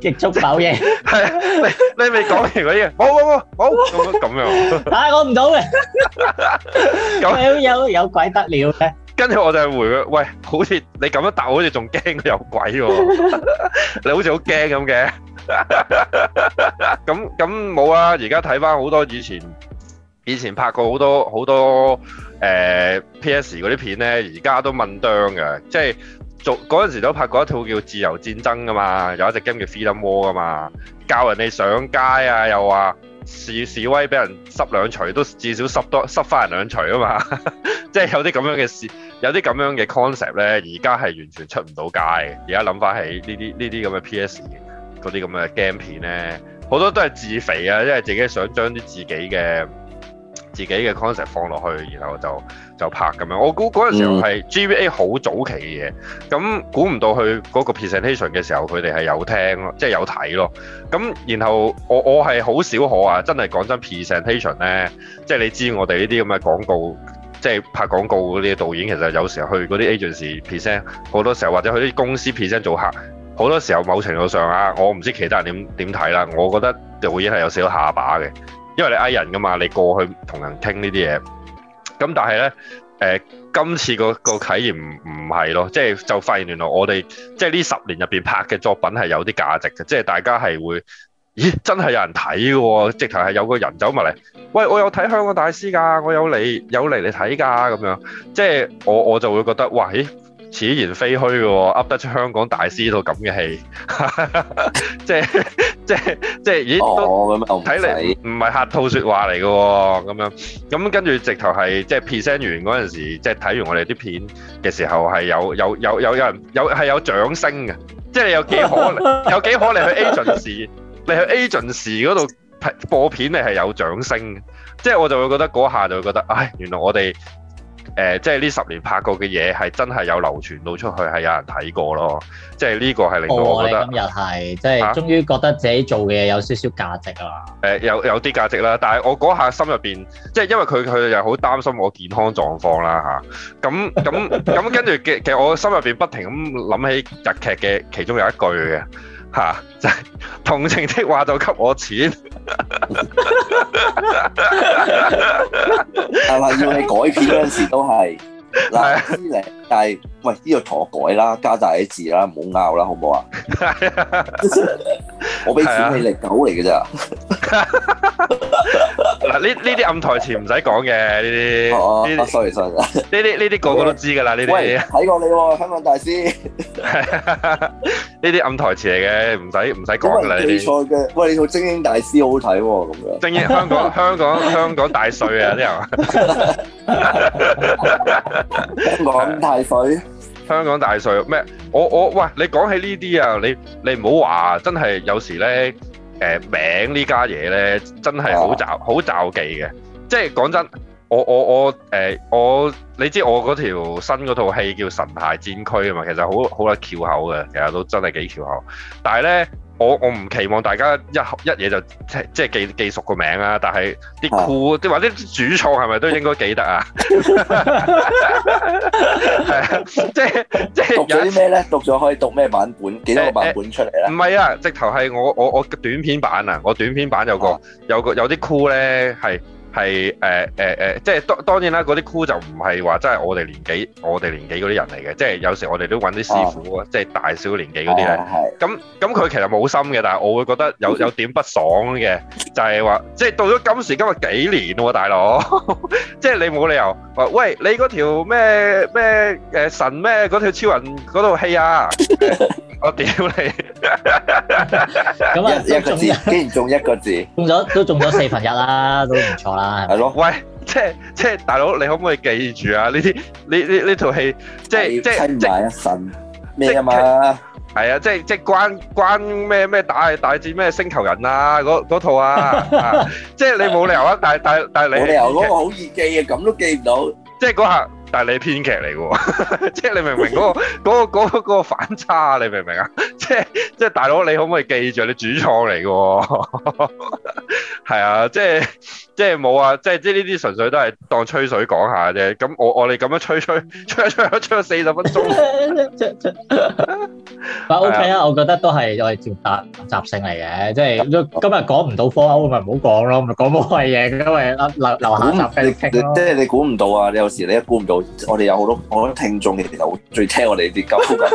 Speaker 2: 極速否認。
Speaker 3: 係
Speaker 1: 啊，你你未講完嗰啲，冇冇冇冇，咁樣。唉，
Speaker 2: 我唔到嘅。咁有有鬼得了咧。
Speaker 1: 跟住我就係回佢，喂，好似你咁樣答，好似仲驚有鬼喎。你好似好驚咁嘅。咁咁冇啊！而家睇翻好多以前，以前拍過好多好多。誒、呃、P.S. 嗰啲片咧，而家都問當嘅，即係做嗰陣時都拍過一套叫《自由戰爭》噶嘛，有一隻 game 叫《Freedom War》噶嘛，教人哋上街啊，又話示示威，俾人濕兩槌，都至少濕多濕翻人兩槌啊嘛， 即係有啲咁樣嘅事，有啲咁樣嘅 concept 咧，而家係完全出唔到街嘅。而家諗翻起呢啲呢啲咁嘅 P.S. 嗰啲咁嘅 game 片咧，好多都係自肥啊，因為自己想將啲自己嘅。自己嘅 concept 放落去，然後就就拍咁樣。我估嗰陣時候係 GBA 好早期嘅嘢，咁估唔到佢嗰個 presentation 嘅時候，佢哋係有聽咯，即係有睇咯。咁然後我我係好少可啊，真係講真 presentation 咧，即係你知我哋呢啲咁嘅廣告，即係拍廣告嗰啲導演，其實有時候去嗰啲 agency present，好多時候或者去啲公司 present 做客，好多時候某程度上啊，我唔知其他人點點睇啦。我覺得導演係有少下把嘅。因為你嗌人㗎嘛，你過去同人傾呢啲嘢，咁但係咧，誒今次個個體驗唔唔係咯，即係就發現原來我哋即係呢十年入邊拍嘅作品係有啲價值嘅，即係大家係會，咦真係有人睇嘅喎，直頭係有個人走埋嚟，喂我有睇香港大師㗎，我有嚟有嚟你睇㗎咁樣，即係我我就會覺得哇咦～此言非虛嘅、哦，噏得出香港大師呢套咁嘅戲， 即係即係即係，咦睇嚟唔係客套說話嚟嘅、哦，咁樣咁跟住直頭係即係 present 完嗰陣時，即係睇完我哋啲片嘅時候，係有有有有人有係有，有掌聲嘅，即係你有幾可 有幾可去你去 agency，你去 agency 嗰度播片，你係有掌聲，即係我就會覺得嗰下就會覺得，唉、哎，原來我哋。誒、呃，即係呢十年拍過嘅嘢係真係有流傳到出去，係有人睇過咯。即係呢個係令到我覺得，哦、今
Speaker 2: 日係、啊、即係終於覺得自己做嘅嘢有少少
Speaker 1: 價值啦。誒、呃，有有啲價值啦，但係我嗰下心入邊，即係因為佢佢又好擔心我健康狀況啦嚇。咁咁咁跟住嘅，其實我心入邊不停咁諗起日劇嘅其中有一句嘅。嚇、啊！就是、同情的話就給我
Speaker 3: 錢，係咪要你改變嗰陣時都係難之歷，但係。喂，呢度同我改啦，加大啲字啦，唔好拗啦，好唔好啊？我俾錢你嚟，狗嚟嘅
Speaker 1: 咋。嗱，呢呢啲暗台詞唔使講嘅呢啲，呢啲 sorry sorry，呢啲呢啲個個都知㗎啦呢啲。睇
Speaker 3: 過你香港大師，
Speaker 1: 呢啲暗台詞嚟嘅，唔使唔使講㗎啦。記錯
Speaker 3: 嘅，喂，你套精英大師好睇喎，咁樣精英香港
Speaker 1: 香港香港大帥啊，啲人。香港大帥。香港大帥咩？我我，喂，你講起呢啲啊，你你唔好話，真係有時咧，誒名呢家嘢咧，真係好找好找忌嘅。即係講真，我我我誒、呃、我，你知我嗰條新嗰套戲叫《神俠戰區》啊嘛，其實好好鬼翹口嘅，其實都真係幾翹口。但係咧。我我唔期望大家一一嘢就即即係記記，記熟個名啊，但係啲酷，Cool 即或者主創係咪都應該記得啊？
Speaker 3: 係啊，即即讀咗啲咩咧？讀咗可以讀咩版本？幾多個版本出嚟
Speaker 1: 咧？唔係、欸欸、啊，直頭係我我我短片版啊！我短片版有個、啊、有個有啲酷 o 咧係。係誒誒誒，即係當當然啦，嗰啲酷就唔係話真係我哋年紀，我哋年紀嗰啲人嚟嘅，即係有時我哋都揾啲師傅，即係大小年紀嗰啲咧。咁咁佢其實冇心嘅，但係我會覺得有有點不爽嘅，就係話即係到咗今時今日幾年喎，大佬，即係你冇理由話，喂你嗰條咩咩誒神咩嗰條超人嗰套戲啊！
Speaker 3: 我屌你！咁啊，一個字，竟然中一個字，
Speaker 2: 中咗都中咗四分一啦，都唔錯啦。係咯
Speaker 3: 喂，即係即係，大佬
Speaker 1: 你可唔可以記住啊？呢啲呢呢呢套戲，即係即係即係咩啊嘛？係啊，即係即係關關咩咩大大戰咩星球人啊？嗰套啊， 即係你冇理由啊！但但但你冇理由咁好易記啊？咁都記唔到，即係嗰下。但係你編劇嚟喎，即 係你明唔明嗰、嗰個嗰反差、啊？你明唔明啊？即係即係大佬，你可唔可以記住你主創嚟嘅？係啊，即係即係冇啊，即係即係呢啲純粹都係當吹水講下啫。咁我我哋咁樣吹吹吹吹吹咗四十分鐘，吹
Speaker 2: OK 啊，我覺得都係我哋接達習性嚟嘅，即、就、係、是、今日講唔到科鈎，咪唔好講咯，我講冇謂嘢咁咪留留下集 f 即係
Speaker 3: 你估唔到啊！你有時你一估唔到。我哋有好多，好多聽眾其實好鍾意聽我哋呢啲歌。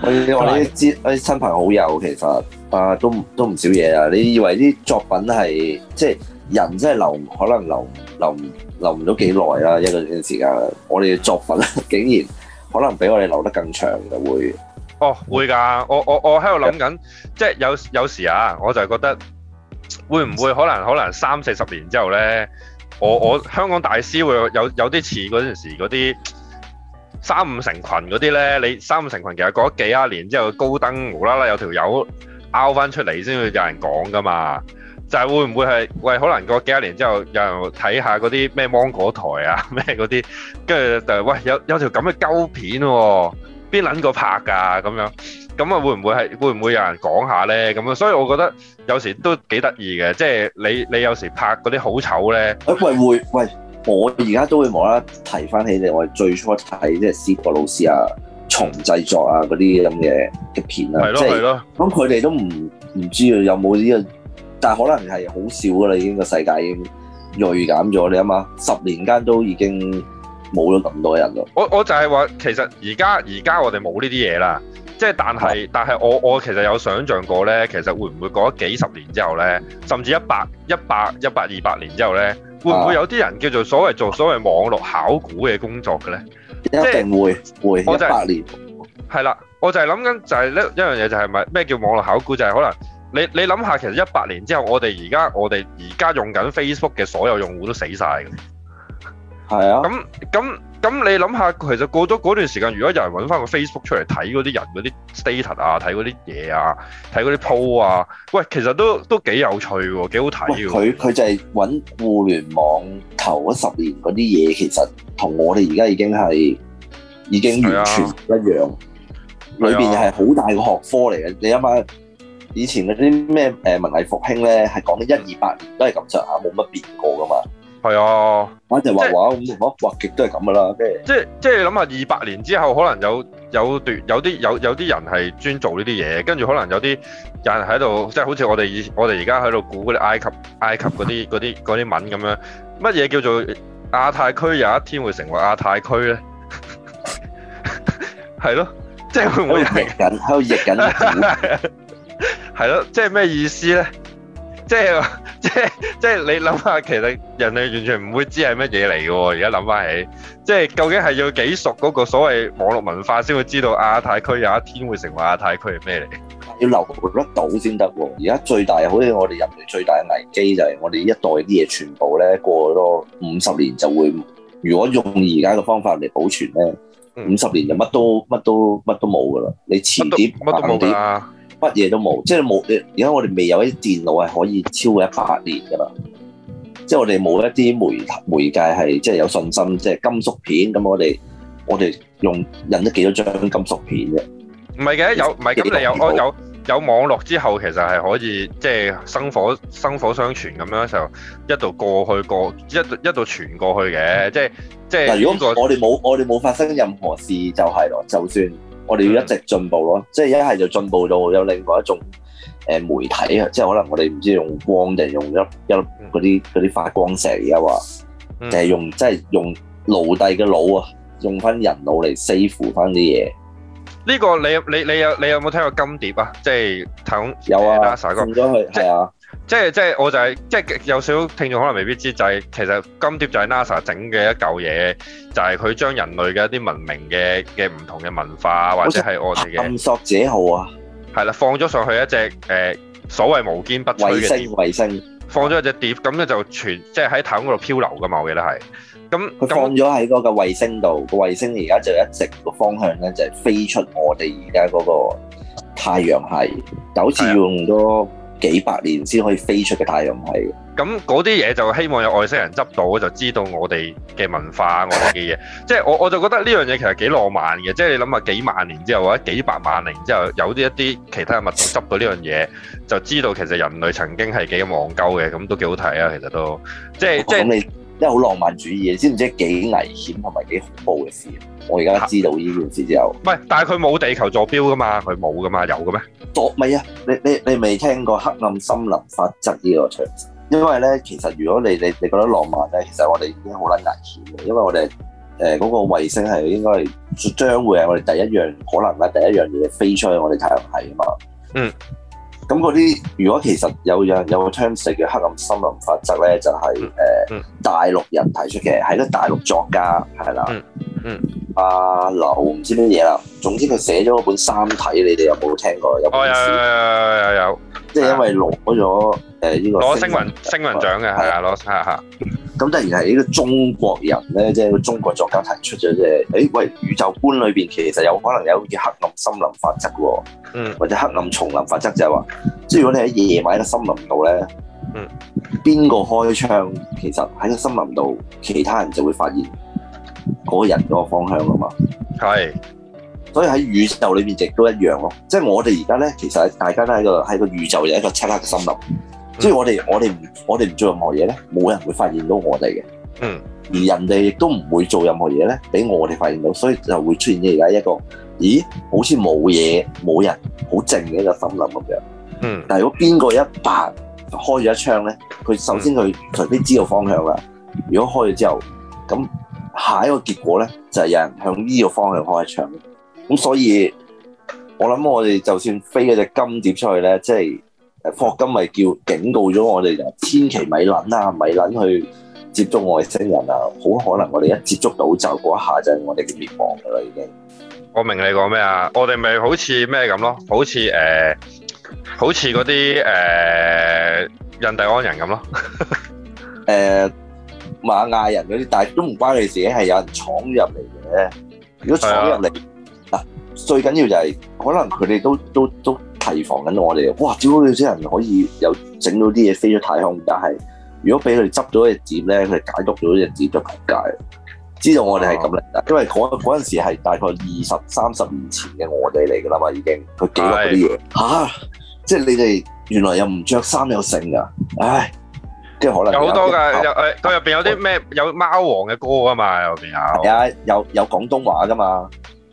Speaker 3: 我哋我哋啲知，啲親朋好友其實啊，都都唔少嘢啊！你以為啲作品係即係人真係留，可能留留留唔到幾耐啦，一個段時間。我哋嘅作品竟然可能比我哋留得更長就會。
Speaker 1: 哦，會㗎！我我我喺度諗緊，即係有有時啊，我就係覺得會唔會可能可能三四十年之後咧？我我香港大師會有有啲似嗰陣時嗰啲三五成群嗰啲呢。你三五成群其實過咗幾廿年之後，高登無啦啦有條友拗翻出嚟先會有人講噶嘛，就係、是、會唔會係喂，可能過幾廿年之後有人睇下嗰啲咩芒果台啊咩嗰啲，跟住就喂有有條咁嘅鳩片邊撚個拍㗎咁、啊、樣？咁啊，會唔會係會唔會有人講下咧？咁啊，所以我覺得有時都幾得意嘅，即係你你有時拍嗰啲好醜咧。
Speaker 3: 喂，會喂，我而家都會冇啦提翻起你，我哋最初睇即係師傅老師啊、重製作啊嗰啲咁嘅嘅片啦。係咯係咯。咁佢哋都唔唔知啊，有冇呢個？但係可能係好少噶啦，已經個世界已經鋭減咗。你諗下，十年間都已經冇咗咁多人咯。
Speaker 1: 我我就係話，其實而家而家我哋冇呢啲嘢啦。即係，但係但係，我我其實有想象過咧，其實會唔會過咗幾十年之後咧，甚至一百一百一百二百年之後咧，會唔會有啲人叫做所謂做所謂網絡考古嘅工作嘅咧？
Speaker 3: 一定會會一百年
Speaker 1: 係啦，我就係諗緊就係咧一樣嘢就係咪咩叫網絡考古？就係、是、可能你你諗下，其實一百年之後，我哋而家我哋而家用緊 Facebook 嘅所有用戶都死晒嘅。係啊，咁咁咁，你諗下，其實過咗嗰段時間，如果有人揾翻個 Facebook 出嚟睇嗰啲人嗰啲 status 啊，睇嗰啲嘢啊，睇嗰啲 po 啊，喂，其實都都幾有趣喎，幾好睇喎。佢佢就
Speaker 3: 係揾互聯網頭嗰十年嗰啲嘢，其實同我哋而家已經係已經完全唔一樣。裏邊係好大個學科嚟嘅，啊、你諗下，以前嗰啲咩誒文藝復興咧，係講緊一二八年都係咁上下，冇乜變過噶嘛。
Speaker 1: 係啊，反正畫
Speaker 3: 畫咁嗬，畫極即都係咁噶啦。
Speaker 1: 即係即係諗下，二百年之後可能有有段有啲有有啲人係專做呢啲嘢，跟住可能有啲人喺度，即係好似我哋以我哋而家喺度估嗰啲埃及埃及嗰啲啲啲文咁樣。乜嘢叫做亞太區？有一天會成為亞太區咧？係 咯 ，
Speaker 3: 即係會唔會譯緊喺度譯緊？
Speaker 1: 係咯， 即係咩意思咧？ 即係即係即係你諗下，其實人類完全唔會知係乜嘢嚟嘅喎。而家諗翻起，即係究竟係要幾熟嗰個所謂網絡文化先會知道亞太區有一天會成為亞太區係咩嚟？
Speaker 3: 要留得到先得喎。而家最大好似我哋人類最大嘅危機就係我哋一代啲嘢全部咧過咗五十年就會，如果用而家嘅方法嚟保存咧，
Speaker 1: 五十、嗯、年就
Speaker 3: 乜都乜都乜都冇㗎啦。你遲啲乜都冇㗎。乜嘢都冇，即係冇。而家我哋未有一啲電腦係可以超過一百年㗎嘛？即係我哋冇一啲媒媒介係即係有信心，即係金屬片。咁我哋我哋用印得幾多張金屬片啫？
Speaker 1: 唔係嘅，有唔係咁？你有我有有，有網絡之後，其實係可以即係生火生火相傳咁樣就一度過去過一度一度傳過去嘅、
Speaker 3: 嗯，即係即係如果我哋冇我哋冇發生任何事就係咯，就算。我哋要一直進步咯，即係一係就進步到有另外一種誒媒體啊，即係可能我哋唔知用光定係用一一嗰啲嗰啲發光石啊，定係用即係用奴隸嘅腦啊，用翻人腦嚟 save 翻啲嘢。
Speaker 1: 呢個你你你有你有冇聽過金碟啊？即係等有啊，阿 Sa 哥，
Speaker 3: 即係啊。
Speaker 1: 即係即係，我就係即係有少少聽眾可能未必知，就係其實金碟就係 NASA 整嘅一嚿嘢，就係佢將人類嘅一啲文明嘅嘅唔同嘅文化或者係我哋嘅探索者號啊，係啦，放咗上去一隻誒所謂無堅不摧嘅衛星，衛星放咗一隻碟，咁咧就全即係喺太空嗰度漂流噶嘛，我記得係，
Speaker 3: 咁佢放咗喺嗰個衛星度，個衛星而家就一直個方向咧就飛出我哋而家嗰個太陽系，就好似用咗。幾百年先可以飛出嘅太陽系，
Speaker 1: 咁嗰啲嘢就希望有外星人執到，就知道我哋嘅文化， 我哋嘅嘢，即係我我就覺得呢樣嘢其實幾浪漫嘅，即係你諗下幾萬年之後或者幾百萬年之後，有啲一啲其他嘅物種執到呢樣嘢，就知道其實人類曾
Speaker 3: 經係幾咁忘舊嘅，咁都幾好睇啊，其實都，即係即係。真係好浪漫主義，你知唔知幾危險同埋幾恐怖嘅事？我而家知道呢件事之後，
Speaker 1: 唔係、啊，但係佢冇地
Speaker 3: 球坐標噶嘛，佢冇噶嘛，有嘅咩？座咪、哦、啊，你你你未聽過黑暗森林法則呢個場？因為咧，其實如果你你你覺得浪漫咧，其實我哋已經好撚危險嘅，因為我哋誒嗰個衛星係應該係將會係我哋第一樣可能咧第一樣嘢飛出去我哋太陽系啊嘛，嗯。咁嗰啲，如果其實有樣有人有個 terms 叫黑暗森林法則咧，就係、是、誒、嗯嗯呃、大陸人提出嘅，係一個大陸作家係啦、嗯，嗯嗯，阿、啊、劉唔知乜嘢啦，總之佢寫咗本三體，你哋有冇聽過？有本書有
Speaker 1: 有有，有有有有有，即係因為攞咗。
Speaker 3: 誒，呢個攞星雲星雲獎
Speaker 1: 嘅係啊，攞下下。
Speaker 3: 咁當然係呢個中國人咧，即係中國作家提出咗即係，誒喂，宇宙觀裏邊其實有可能有好似黑暗森林法則嘅，嗯，或者黑暗叢林法則就係話，即係、嗯嗯、如果你喺夜夜晚喺個森林度咧，嗯，邊個開槍，其實喺個森林度，其他人就會發現嗰人嗰個方向㗎嘛，係是。所以喺宇宙裏邊亦都一樣咯，即係我哋而家咧，其實大家都喺個喺個宇宙有一個漆黑嘅森林。 所以我哋，我哋唔，我哋唔做任何嘢咧，冇人會發現到我哋嘅。嗯。而人哋亦都唔會做任何嘢咧，俾我哋發現到，所以就會出現而家一個，咦？好似冇嘢，冇人，好靜嘅一個森林咁樣。嗯。但係如果邊個一發開咗一槍咧，佢首先佢除非知道方向啦。如果開咗之後，咁下一個結果咧，就係、是、有人向呢個方向開一槍。咁所以，我諗我哋就算飛嗰隻金碟出去咧，即係。霍金咪叫警告咗我哋就千祈咪諗啊，咪諗去接觸外星人啊！好可能我哋一接觸到就嗰一下就我哋嘅滅亡噶啦已經。
Speaker 1: 我明你講咩啊？我哋咪好似咩咁咯？好似誒、呃，好似嗰啲誒
Speaker 3: 印第安人咁咯。誒、 呃，瑪雅人嗰啲，但係都唔關你自己，係有人闖入嚟嘅。如果闖入嚟嗱，最緊要就係可能佢哋都都都。都都提防緊我哋，哇！點解有啲人可以又整到啲嘢飛咗太空？但係如果俾佢執咗隻碟咧，佢解讀到隻碟就撲街。知道我哋係咁嚟噶，因為嗰嗰陣時係大概二十三十年前嘅我哋嚟㗎啦嘛，已經佢記得嗰啲嘢。吓的、啊？即係你哋原來又唔着衫有剩㗎，唉、哎！跟住可能有好多㗎，有
Speaker 1: 誒，佢入邊有啲咩？有貓王嘅歌啊嘛，入邊有，有，有有廣東話㗎嘛。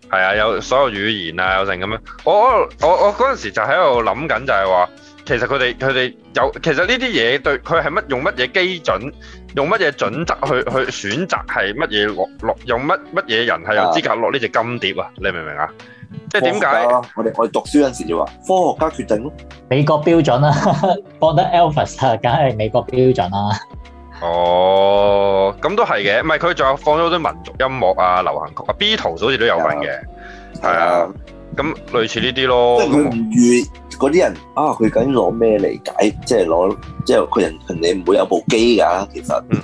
Speaker 1: 係啊，有所有語言啊，有成咁樣。我我我嗰陣時就喺度諗緊，就係話其實佢哋佢哋有其實呢啲嘢對佢係乜用乜嘢基準，用乜嘢準則去去選擇係乜嘢落落，用乜乜嘢人係有資格落呢隻金碟啊？你明唔明啊？即係點解？我哋我哋讀書嗰陣時就話
Speaker 2: 科學家決定咯，美國標準啦 Bond Elvis 啊，梗 係、啊、美國標準啦、啊。
Speaker 1: 哦，咁都係嘅，唔係佢仲有放咗啲民族音樂啊、流行曲啊，Beatles 好似都有份嘅，係啊，咁類似呢啲咯。即係佢
Speaker 3: 唔預嗰啲人啊，佢究竟攞咩嚟解？即係攞，即係佢人羣，人哋唔會有部機噶。其實，嗯，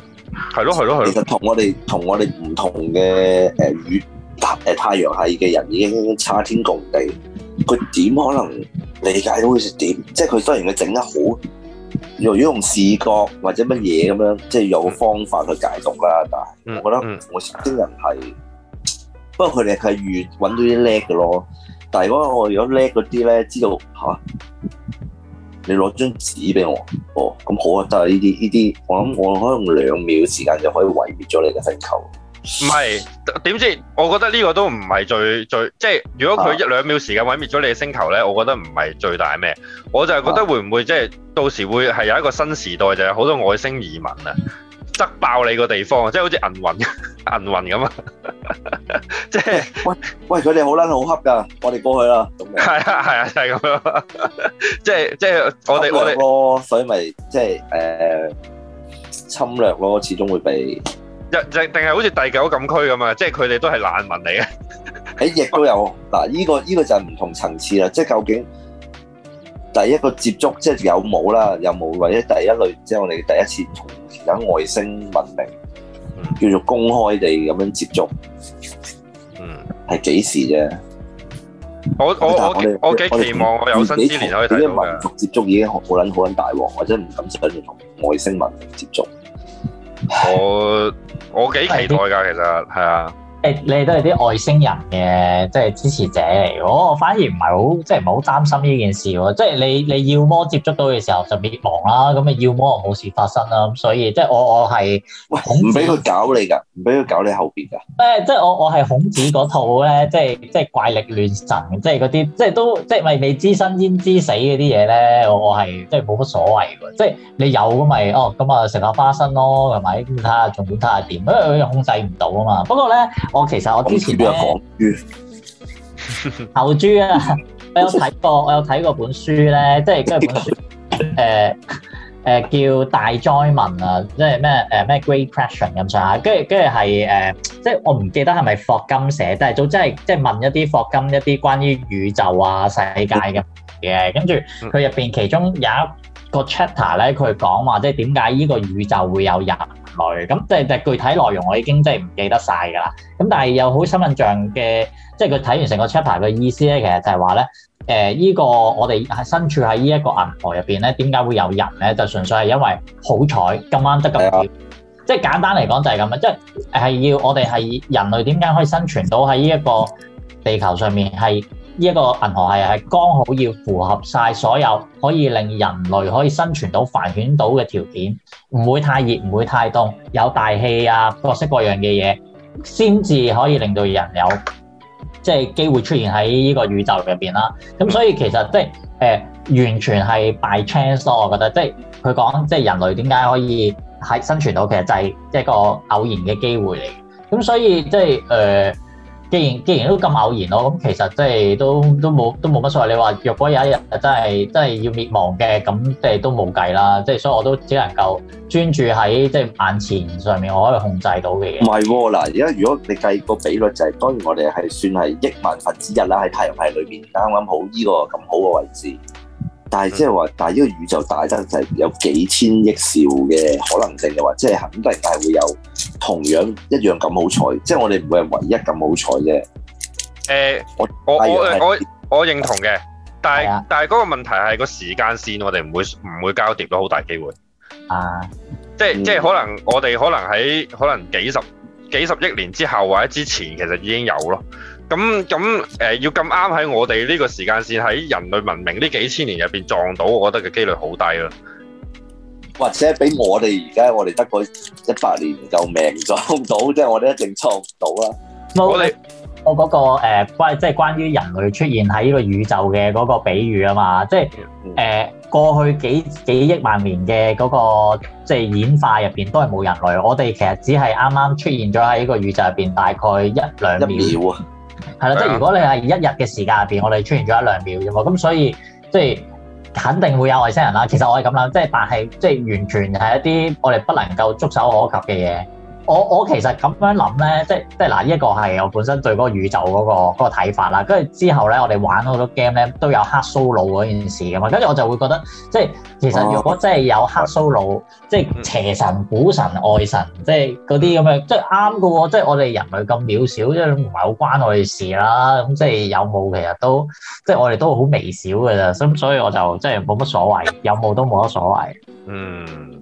Speaker 3: 係咯係咯係。其實我我同我哋同我哋唔同嘅誒宇太太陽系嘅人已經差天共地，佢點可能理解到佢？點？即係佢雖然佢整得好。如果用視覺或者乜嘢咁樣，即係有個方法去解讀啦。但係我覺得我識啲人係，嗯嗯、不過佢哋係越揾到啲叻嘅咯。但係如果我如果叻嗰啲咧，知道嚇，你攞張紙俾我，哦，咁好啊！真係呢啲呢啲，我諗我可能用兩秒時間就可以毀滅咗你嘅星球。
Speaker 1: 唔係點知？我覺得呢個都唔係最最即係，如果佢一兩秒時間毀滅咗你嘅星球咧，我覺得唔係最大咩？我就係覺得會唔會即係到時會係有一個新時代就係、是、好多外星移民啊，擠爆你個地方，即係好似銀魂
Speaker 3: 銀魂咁啊！即係喂喂，佢哋好撚好恰噶，我哋過去啦，
Speaker 1: 係啊係啊，就係、是、咁樣， 即係即係我哋我哋
Speaker 3: 咯，所以咪即係誒侵略咯，始終會被。
Speaker 1: 定定係好似第九禁區咁啊！即係佢哋都係難民嚟
Speaker 3: 嘅，喺 亦都有嗱。呢、這個呢、這個就係唔同層次啦。即係究竟第一個接觸，即係有冇啦？有冇或者第一類，即係我哋第一次同其他外星文明，嗯、叫做公開地咁樣接觸。嗯，係幾時啫？
Speaker 1: 我我我我幾期望我，我有生之年可以睇民族
Speaker 3: 接觸已經好好捻好捻大鑊，或者唔敢想象同外星文明接觸。
Speaker 1: 我我幾期待噶，其實係啊。的
Speaker 2: 你哋都係啲外星人嘅，即係支持者嚟。我反而唔係好，即係唔係好擔心呢件事喎。即係你你要麼接觸到嘅時候就滅亡啦，咁啊要麼冇事發生啦。咁所以即係我我係喂，唔俾佢搞你㗎，唔
Speaker 3: 俾佢搞你後邊㗎。誒、
Speaker 2: 呃，即係我我係孔子嗰套咧， 即係即係怪力亂神，即係嗰啲即係都即係未未知生焉知死嗰啲嘢咧，我我係即係冇乜所謂喎。即係你有咁咪、就是、哦，咁啊食下花生咯，係咪？睇下儘管睇下點，因為控制唔到啊嘛。不過咧。我其實我之前都有
Speaker 3: 咧，
Speaker 2: 後 珠啊，我有睇過，我有睇過本書咧，即係跟住本書誒誒、呃呃、叫《大哉問》啊，即係咩誒咩 Great Question 咁上下，跟住跟住係誒，即係、呃就是、我唔記得係咪霍金寫，但係總之係即係問一啲霍金一啲關於宇宙啊、世界嘅嘢，跟住佢入邊其中有一個 chapter 咧，佢講話即係點解呢個宇宙會有人？咁即係，具體內容我已經真係唔記得晒㗎啦。咁但係有好深印象嘅，即係佢睇完成個 chapter 嘅意思咧，其實就係話咧，誒、呃、依、呢個我哋係身處喺呢一個銀河入邊咧，點解會有人咧？就純粹係因為好彩咁啱得咁巧，即係簡單嚟講就係咁啊！即係要我哋係人類點解可以生存到喺呢一個地球上面係。呢一個銀河系係剛好要符合晒所有可以令人類可以生存到繁衍到嘅條件，唔會太熱，唔會太凍，有大氣啊，各式各樣嘅嘢，先至可以令到人有即係機會出現喺呢個宇宙入邊啦。咁所以其實即係誒完全係 by chance 咯，我覺得即係佢講即係人類點解可以喺生存到，其實就係一個偶然嘅機會嚟。咁所以即係誒。呃既然既然都咁偶然咯，咁其實即係都都冇都冇乜所謂。你話若果有一日真係真係要滅亡嘅，咁即係都冇計啦。即係所以我都只能夠專注喺即係眼前上面我可以控制到嘅嘢。
Speaker 3: 唔係嗱，而家如果你計個比率就係，當然我哋係算係億萬分之一啦，喺太陽系裏邊啱啱好呢個咁好嘅位置。但係即係話，但係呢個宇宙大得就係有幾千億兆嘅可能性嘅話，即係肯定係會有同樣一樣咁好彩，即係我哋唔會係唯一咁好彩嘅。誒，
Speaker 1: 我我我我認同嘅，但係但係嗰個問題係個時間線，我哋唔會唔會交疊到好大機會。啊，即係即係可能我哋可能喺可能幾十幾十億年之後或者之前，其實已經有咯。咁咁誒，要咁啱喺我哋呢個時間線，喺人類文明呢幾千年入邊撞到，我覺得嘅機率好低啦。
Speaker 3: 或者俾我哋而家，我哋得嗰一百年就命撞到，即係我哋一定錯唔到啦。
Speaker 2: 我哋們，我嗰、那個誒、呃、關即係、就是、關於人類出現喺呢個宇宙嘅嗰個比喻啊嘛，即係誒過去幾幾億萬年嘅嗰、那個即係、就是、演化入邊都係冇人類，我哋其實只係啱啱出現咗喺呢個宇宙入邊大概一兩秒，秒啊。係如果你係一日嘅時間入面，我哋出現咗一兩秒，咁所以肯定會有外星人啦。其實我係咁諗，即係但係即係完全係一啲我哋不能夠觸手可及嘅嘢。我我其實咁樣諗咧，即係即係嗱，呢一個係我本身對嗰個宇宙嗰、那個睇、那個、法啦。跟住之後咧，我哋玩好多 game 咧，都有黑 s o 嗰件事噶嘛。跟住我就會覺得，即係其實如果真係有黑 s o、哦、即係邪神、古神、外神，即係嗰啲咁樣，即係啱噶即係我哋人類咁渺小，即係唔係好關我哋事啦。咁即係有冇其實都，即係我哋都好微小嘅咋。咁所以我就即係冇乜所謂，有冇都冇乜所謂。
Speaker 1: 嗯。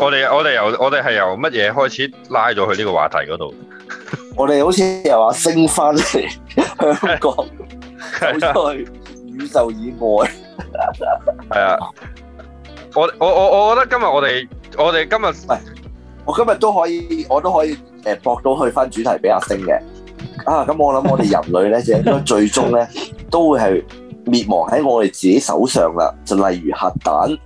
Speaker 1: 我哋我哋由我哋係由乜嘢開始拉咗去呢個話題嗰度？
Speaker 3: 我哋好似又話升翻嚟香港，啊、在宇宙以外係 啊！我我我我覺得今日我哋我哋今日係我今日都可以我都可以誒搏到去翻主題俾阿星嘅啊！咁我諗我哋人類咧， 只係最終咧都會係滅亡喺我哋自己手上啦，就例如核彈。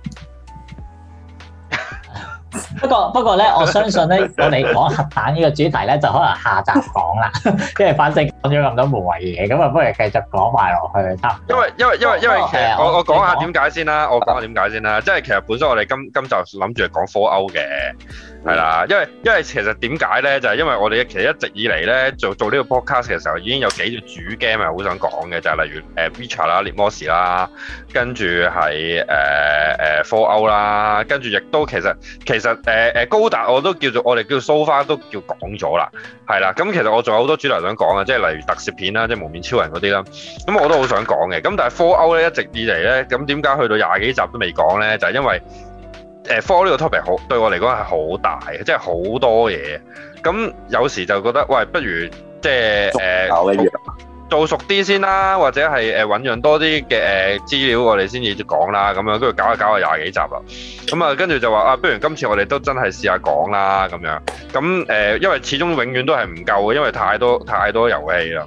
Speaker 2: 不過不過咧，我相信咧，我哋講核彈呢個主題咧，就可能下集講啦， 因為反正講咗咁多無謂嘢，咁啊不如繼續講埋落去得。因
Speaker 1: 為因為因為因為其實我、嗯、我講下點解先啦，說我講下點解先啦，即係 其實本身我哋今今集諗住係講科歐嘅。係啦，因為因為其實點解咧，就係、是、因為我哋其實一直以嚟咧做做呢個 podcast 嘅時候，已經有幾隻主 game 係好想講嘅，就係、是、例如誒 Witcher、呃、啦、獵魔士啦，跟住係誒誒 Fallout 啦，跟住亦都其實其實誒誒、呃、高達我都叫做我哋叫 so far 都叫講咗啦，係啦，咁其實我仲有好多主題想講嘅，即係例如特攝片啦，即係蒙面超人嗰啲啦，咁我都好想講嘅，咁但係 Fallout 咧一直以嚟咧，咁點解去到廿幾集都未講咧，就係、是、因為。誒 Four 呢個 topic 好對我嚟講係好大，即係好多嘢。咁有時就覺得，喂，不如即係誒、呃、悉做，做熟啲先啦，或者係誒醞釀多啲嘅誒資料，我哋先至講啦。咁樣跟住搞下搞下，廿幾集啦。咁啊，跟住就話啊，不如今次我哋都真係試下講啦。咁樣咁誒、嗯呃，因為始終永遠都係唔夠嘅，因為太多太多遊戲啦，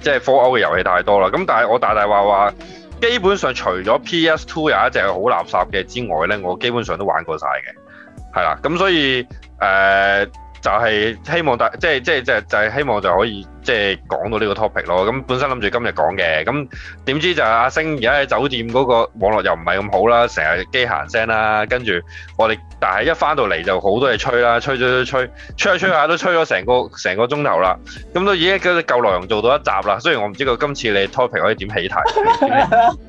Speaker 1: 即係 Four 嘅遊戲太多啦。咁但係我大大話話。基本上除咗 PS2 有一隻好垃圾嘅之外呢，我基本上都玩過晒嘅，係啦，咁所以、呃就係希望大即係即係即係就係、係就係就係、希望就可以即係、就係、講到呢個 topic 咯。咁本身諗住今日講嘅，咁點知就阿星而家喺酒店嗰個網絡又唔係咁好啦，成日機械聲啦。跟住我哋，但係一返到嚟就好多嘢吹啦，吹吹吹吹下吹下都吹咗成個成個鐘頭啦。咁都已經夠內容做到一集啦。雖然我唔知道今次你 topic 可以點起題，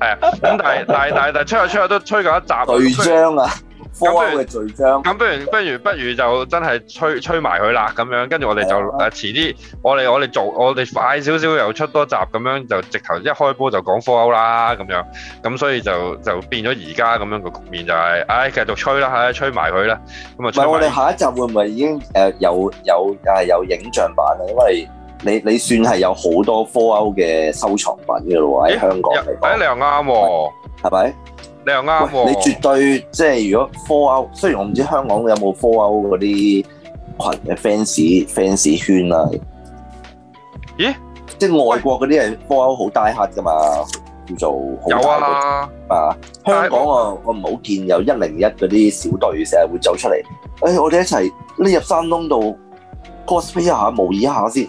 Speaker 1: 係啊。 咁但係 但係但係吹下吹下都吹咗一集。隊章啊！咁 4 不如，咁不如，不如，不如就真係吹吹埋佢啦，咁樣跟住我哋就誒的、啊、遲啲，我哋我哋做，我哋快少少又出多集咁樣，就直頭一開波就講 Fallout 啦咁樣，咁所以就就變咗而家咁樣個局面就係、是，唉、哎、繼續
Speaker 3: 吹啦，嚇吹埋佢啦，咁是啊。唔係吹完 我哋下一集會唔會已經誒有有又係有，有影像版啊？因為你你算係有好多 Fallout 嘅收藏品噶喎喺香港嚟你又啱喎，係咪、
Speaker 1: 啊？喂你絕
Speaker 3: 對即係如果 Fallout，雖然我唔知香港有冇 Fallout 嗰啲群 fans fans 圈啊，咦？即係外國嗰啲係 Fallout 好大黑噶嘛？叫做好啊。啊，但香港啊，我唔好見有一零一嗰啲小隊成日會走出嚟。誒、哎，我哋一齊匿入山窿度 cosplay 一下，模擬一下先。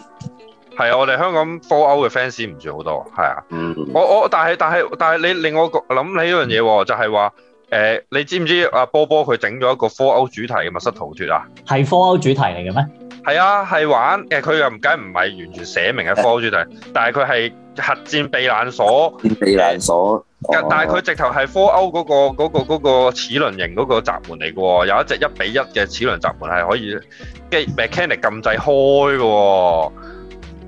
Speaker 1: 係啊，我哋香港 Fallout 嘅 fans 唔住好多，係啊。我我、mm hmm. 哦哦、但係但係但係，你令我諗起一樣嘢喎，就係話誒，你知唔知阿、啊、波波佢整咗一個 Fallout 主題嘅密室逃脫啊？
Speaker 2: 係 Fallout 主題嚟嘅咩？
Speaker 1: 係啊，係玩誒，佢又唔緊唔係完全寫明係 Fallout 主題， 但係佢係核戰避難所，
Speaker 3: 避難所。但係佢直
Speaker 1: 頭係 Fallout 嗰個嗰個嗰個齒輪型嗰個閘門嚟嘅喎，有一隻一比一嘅齒輪閘門係可以機 mechanic 禁制開嘅喎。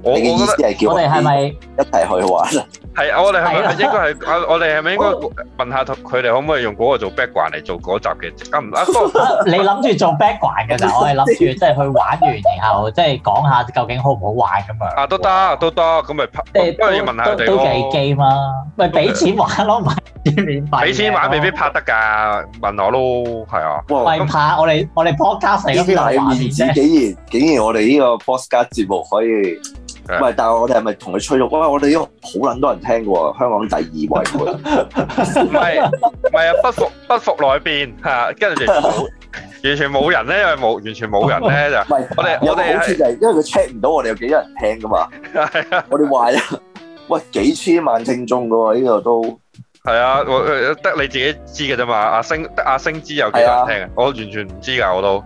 Speaker 1: 我我覺得係叫，我哋係咪一齊去玩？係啊，我哋係咪應該係啊？我哋係咪應該問下佢佢哋可唔可以用嗰個做 background 嚟做嗰集嘅？咁啊，你諗
Speaker 2: 住做 background 嘅，我哋諗住即係去玩完然後即係講下究竟好唔好玩咁
Speaker 1: 啊？啊，都得都得，咁咪拍，即係都要問下佢哋咯。都係 game 嘛，咪俾錢玩咯，唔係點點。俾錢玩未必拍得㗎，問我咯，
Speaker 3: 係啊。唔係
Speaker 2: 拍，我哋我哋 podcast 嚟嘅，點解面
Speaker 3: 紙竟然竟然我哋呢個 podcast 節目可以？唔係是，但係我哋係咪同佢吹咗？喂！我哋呢個好撚多人聽嘅喎，香港第二位。唔
Speaker 1: 係唔係啊！不服不服嚟辯。係啊，跟住冇完全冇人咧， 因為冇完全冇人咧就。唔係，我哋我哋好似就係因
Speaker 3: 為佢 check 唔到我哋有幾多人聽㗎嘛。是的 我哋壞啦。喂，幾千萬聽眾嘅喎，依、呢個都。
Speaker 1: 係啊，我得你自己知嘅啫嘛。阿星，得阿星知有幾難聽啊！我完全唔知噶，我都。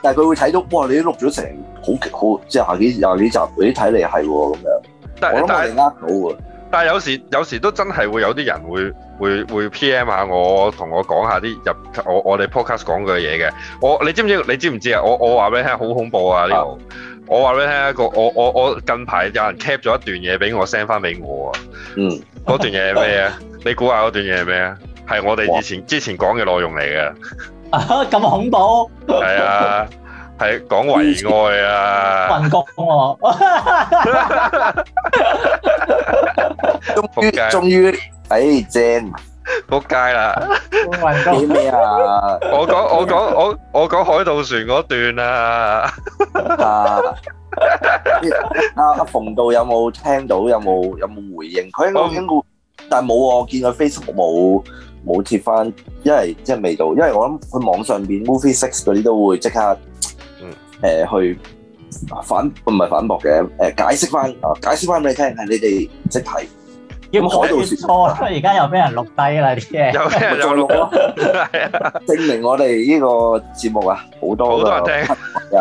Speaker 3: 但係佢會睇到，哇！你都錄咗成好好，即係廿幾廿幾集，你睇嚟係咁樣。我我但係但係呃到啊！但係有時有
Speaker 1: 時都真係會有啲人會會會 PM 下我，同我講下啲入我我哋 podcast 講嘅嘢嘅。我，我，我你知唔知？你知唔知啊？我我話俾你聽，好恐怖啊呢度，啊！我話俾你聽，個我我我近排有人 cap 咗一段嘢俾我 send 翻俾我啊。嗯， 嗰段嘢係咩啊？你估下嗰段嘢係咩啊？係我哋之前之前講嘅內容嚟嘅。
Speaker 2: 咁恐怖？
Speaker 1: 係啊，係講遺愛啊。
Speaker 3: 份工我。終於終於，哎，正，撲街啦。份工點咩啊？我講我講我我講海盜船嗰段啊。阿馮道有冇聽到？有冇有冇回應？佢應該應該會。但冇喎，我見佢 Facebook 冇冇貼翻，因為即係未到，因為我諗佢網上邊 Movie Six 嗰啲都會即刻誒去反唔係反駁嘅誒解釋翻，解釋翻俾你聽係你哋唔識睇。咁啲錯，
Speaker 2: 而家又俾人錄低啦啲嘢，又再錄咯，
Speaker 3: 證明我哋呢個節目啊，好多好多人聽，真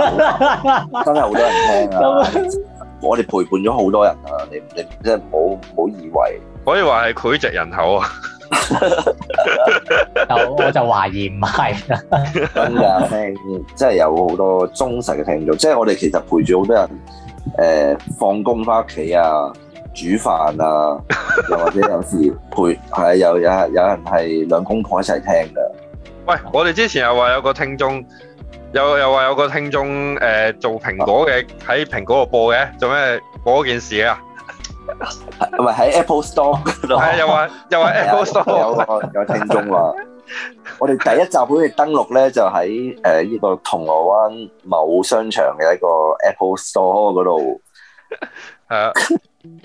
Speaker 3: 係好多人聽啊！我哋陪伴咗好多人啊，你你真係唔好唔好以為。可以
Speaker 1: 話係膾炙人口啊！我就懷疑唔係啦。
Speaker 3: 咁就聽，真係有好多忠實嘅聽眾。即係我哋其實陪住好多人誒、呃、放工翻屋企啊、煮飯啊，又或者有時陪係有有有人係兩公婆一齊聽噶。
Speaker 1: 喂，我哋之前又話有個聽眾，又又話有個聽眾誒做蘋果嘅喺蘋果度播嘅，做咩 播嗰件事啊？
Speaker 3: 係咪喺 Apple Store 嗰
Speaker 1: 度？係又話又話 Apple Store 有個
Speaker 3: 有聽眾話，我哋第一集好似登錄咧就喺誒呢個銅鑼灣某商場嘅一個 Apple Store 嗰度，係啊，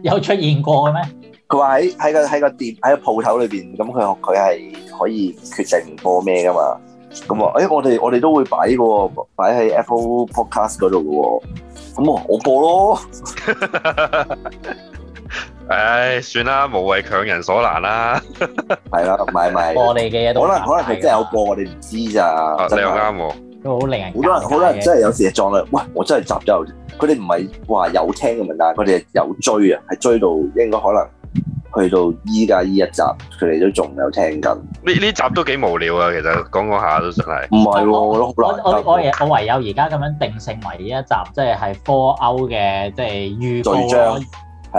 Speaker 3: 有出
Speaker 2: 現過嘅咩？
Speaker 3: 佢話喺喺個喺個店喺個鋪頭裏邊，咁佢佢係可以決定唔播咩噶嘛？咁啊，誒我哋我哋都會擺嘅，擺喺 Apple Podcast 嗰度嘅，咁啊我播咯。
Speaker 1: 唉，算啦，無謂強
Speaker 3: 人所難啦。係啦，唔係唔係播你嘅嘢，可能可能係真有播，我哋唔知咋。哦，你又啱喎。都好令人好多人好多人真係有時撞到，喂，我真係集咗，佢哋唔係話有聽嘅問題，但係佢哋有追啊，係追到應該可能去到依家依一集，佢哋都仲有聽緊。呢呢集都幾無聊啊，其實講講下都真係。唔係，我我我
Speaker 2: 我唯有而家咁樣定性為呢一集，即係係 Fallout 嘅，即係預告。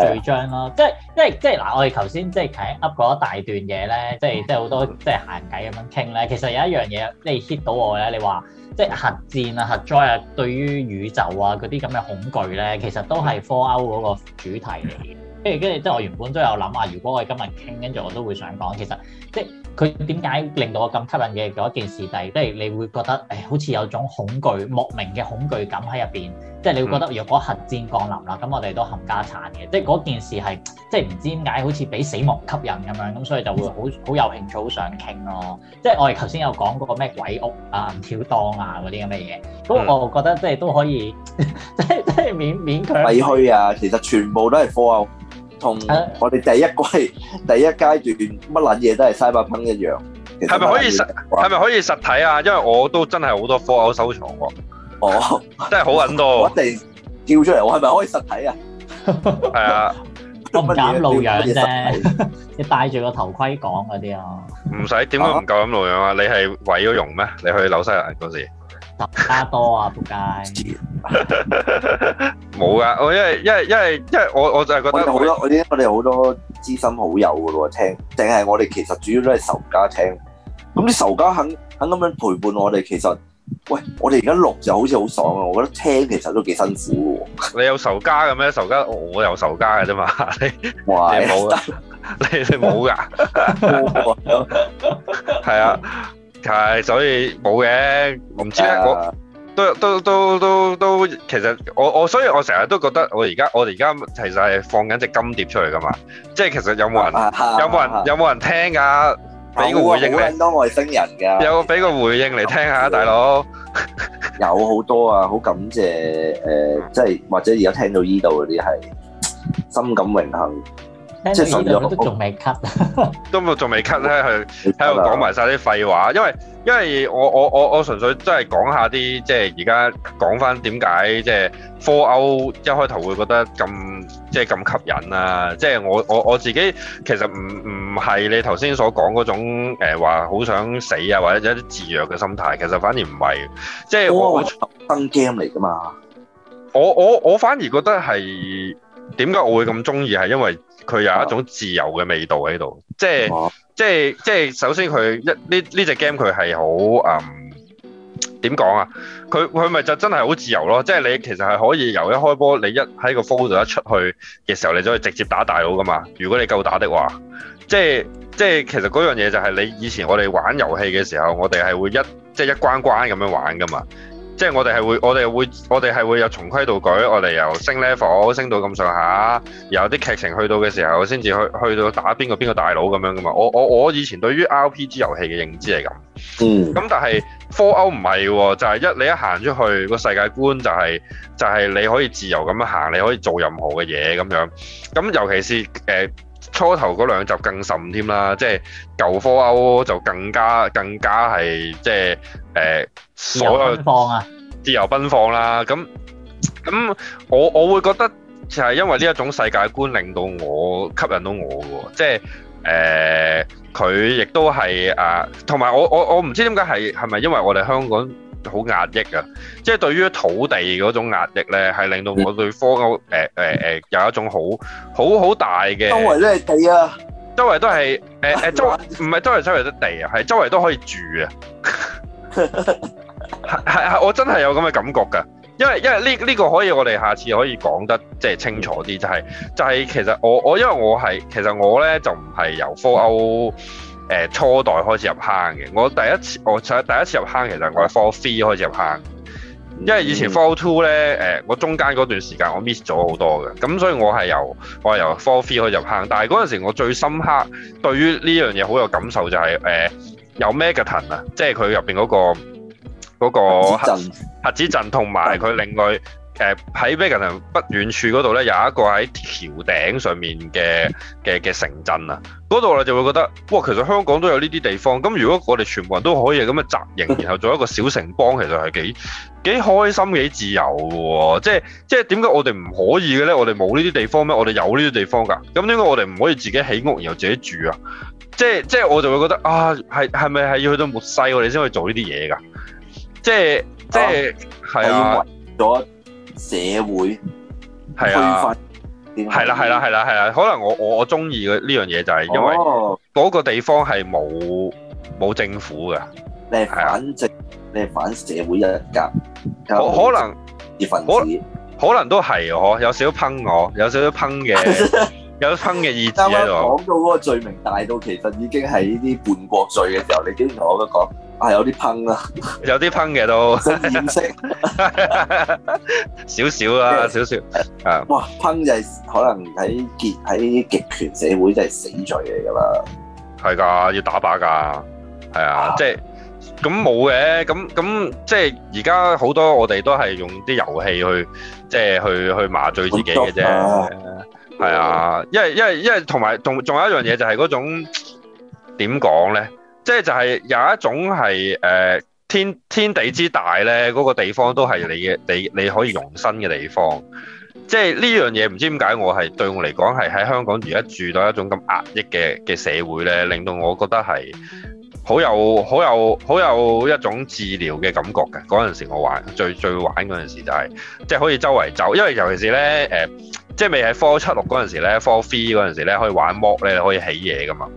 Speaker 2: 最章咯，即係即係即係嗱，我哋頭先即係傾 Up 嗰一大段嘢咧，即係即係好多即係閒偈咁樣傾咧。其實有一樣嘢，你 hit 到我咧，你話即係核戰啊、核災啊，對於宇宙啊嗰啲咁嘅恐懼咧，其實都係 Fallout 嗰個主題嚟嘅。跟住跟住，即係我原本都有諗啊，如果我哋今日傾，跟住我都會想講，其實即係。佢點解令到我咁吸引嘅一件事，就係即係你會覺得誒，好似有種恐懼、莫名嘅恐懼感喺入邊，即係你會覺得若果核戰降臨啦，咁我哋都冚家鏟嘅，即係嗰件事係即係唔知點解好似俾死亡吸引咁樣，咁所以就會好好、嗯、有興趣、好想傾咯。嗯、即係我哋頭先有講嗰個咩鬼屋啊、跳檔啊嗰啲咁嘅嘢，咁我覺得即係都可以，即係即係勉
Speaker 3: 勉強。廢墟啊，其實全部都係科。同我哋第一季第一階段乜撚嘢都係嘥白烹一樣，係咪可以
Speaker 1: 實？係咪可以實體啊？因為我都真係好多 Fallout 收藏喎，哦，真係好撚多。我哋叫出嚟，我係咪可以實體啊？係啊，
Speaker 3: 咁假露樣啫，
Speaker 2: 你戴住個頭盔講嗰啲啊？
Speaker 1: 唔使點解唔夠咁露樣啊？你係毀咗容咩？你去紐西蘭嗰時？仇家多啊，仆街！
Speaker 3: 冇噶，
Speaker 1: 我因為因為因為因為我我就係覺得好多，um
Speaker 3: 嗯、我哋好多資深好友噶喎，聽定係我哋其實主要都係仇家聽，咁啲仇家肯肯咁樣陪伴我哋，其實喂，我哋而家錄就好似好爽啊！我覺得聽其實都幾辛苦喎。
Speaker 1: 你有仇家嘅咩？仇家我有仇家嘅啫嘛，你冇噶，你你冇噶，係啊。Reno 係，所以冇嘅，我唔知咧。我都都都都都，其實我我，所以我成日都覺得我而家我哋而家其實係放緊隻金碟出嚟噶嘛。即係其實有冇人有冇人有冇人聽噶？俾個回應你。好
Speaker 3: 多外星人噶。有俾個回應嚟聽下，大佬。有好多啊，好感謝誒，即係或者而家聽到呢度嗰啲係深感榮幸。
Speaker 1: 即係啲樣都仲未 cut，都冇仲未 cut 咧，佢喺度講埋晒啲廢話。因為因為我我我我純粹都係講下啲，即係而家講翻點解即係 Fallout 一開頭會覺得咁即係咁吸引啊！即係我我我自己其實唔唔係你頭先所講嗰種誒話好想死啊，或者有一啲自虐嘅心態，其實反而唔係。即係我係驚嚟㗎嘛。我我我反而覺得係。點解我會咁中意？係因為佢有一種自由嘅味道喺度，即係哇即係即係，首先佢一呢呢隻 game 佢係好誒，點講、嗯、啊？佢佢咪就真係好自由咯，即係你其實係可以由一開波，你一喺個 Vault 度一出去嘅時候，你就可以直接打大佬噶嘛。如果你夠打的話，即係即係，其實嗰樣嘢就係你以前我哋玩遊戲嘅時候，我哋係會一即係一關關咁樣玩噶嘛。即係我哋係會，我哋會，我哋係會有循規蹈矩。我哋由升 level 升到咁上下，然後啲劇情去到嘅時候，先至去去到打邊個邊個大佬咁樣噶嘛。我我我以前對於 RPG 遊戲嘅認知係咁，嗯，咁但係《Fallout》唔係，就係、是、一你一行出去個世界觀就係、是、就係、是、你可以自由咁樣行，你可以做任何嘅嘢咁樣。咁尤其是誒、呃、初頭嗰兩集更甚添啦，即係舊《Fallout》就更加更加係即係誒。呃自由奔放啊！自由奔放啦！咁咁，我我會覺得就係因為呢一種世界觀令到我吸引到我嘅，即係誒，佢亦都係啊，同埋我我我唔知點解係係咪因為我哋香港好壓抑啊！即係對於土地嗰種壓抑咧，係令到我對科誒誒誒有一種好好好大嘅周圍都係
Speaker 3: 地啊，
Speaker 1: 周圍都係誒誒周唔係周圍周圍都地啊，係周圍都可以住啊。係係係，我真係有咁嘅感覺噶，因為因為呢呢、這個可以我哋下次可以講得即係清楚啲，就係、是、就係、是、其實我我因為我係其實我咧就唔係由 Four 歐誒初代開始入坑嘅，我第一次我第一次入坑其實我係 Four Three 開始入坑，因為以前 Four Two 咧誒我中間嗰段時間我 miss 咗好多嘅，咁所以我係由我係由 Four Three 去入坑，但係嗰陣時我最深刻對於呢樣嘢好有感受就係、是、誒、呃、有 Megaton 啊，即係佢入邊嗰個。嗰個核子鎮同埋佢另外誒喺、嗯呃、b r e a 不遠處嗰度咧有一個喺橋頂上面嘅嘅嘅城鎮啊，嗰度我就會覺得哇，其實香港都有呢啲地方。咁如果我哋全部人都可以咁嘅紮營，然後做一個小城邦，其實係幾幾開心幾自由喎、啊。即係即係點解我哋唔可以嘅咧？我哋冇呢啲地方咩？我哋有呢啲地方㗎。咁點解我哋唔可以自己起屋然後自己住啊？即係即係我就會覺得啊，係係咪係要去到末世我哋先可以做呢啲嘢㗎？即係
Speaker 3: 即係係、oh. 啊，咗社會
Speaker 1: 係啊，係啦係啦係啦係啦，可能我我我中意嘅呢樣嘢就係因為嗰個地方係冇冇政府嘅。你係、啊、反政，你係反社會人格，可能可能可可能都係我有少少抨我，有少少抨嘅。 有烹嘅意思喎！講
Speaker 3: 到嗰個罪名大到其實已經係呢啲叛國罪嘅時候，你竟然同我咁講，係、啊、有啲烹 啦，
Speaker 1: 有啲烹嘅都，識
Speaker 3: 少少啦，少少啊！哇，烹就係可能喺極喺極權社會，就係死罪嚟㗎喇，係㗎要打靶㗎，係啊，即係咁冇嘅，
Speaker 1: 咁咁即係而家好多我哋都係用啲遊戲去即係去去，去麻醉自己嘅啫。係啊，因為因為因為同埋仲仲有一樣嘢就係嗰種點講呢？即係就係、是、有一種係誒、呃、天天地之大呢，嗰、嗰個地方都係你嘅你你可以容身嘅地方，即係呢樣嘢唔知點解我係對我嚟講係喺香港而家住到一種咁壓抑嘅嘅社會呢，令到我覺得係好有好有好有一種治療嘅感覺嘅。嗰陣時我玩最最玩嗰陣時就係即係可以周圍走，因為尤其是呢。誒、呃。即係未喺 four 七六嗰陣時咧，four three 嗰陣時咧可以玩 mod 咧可以起嘢㗎嘛？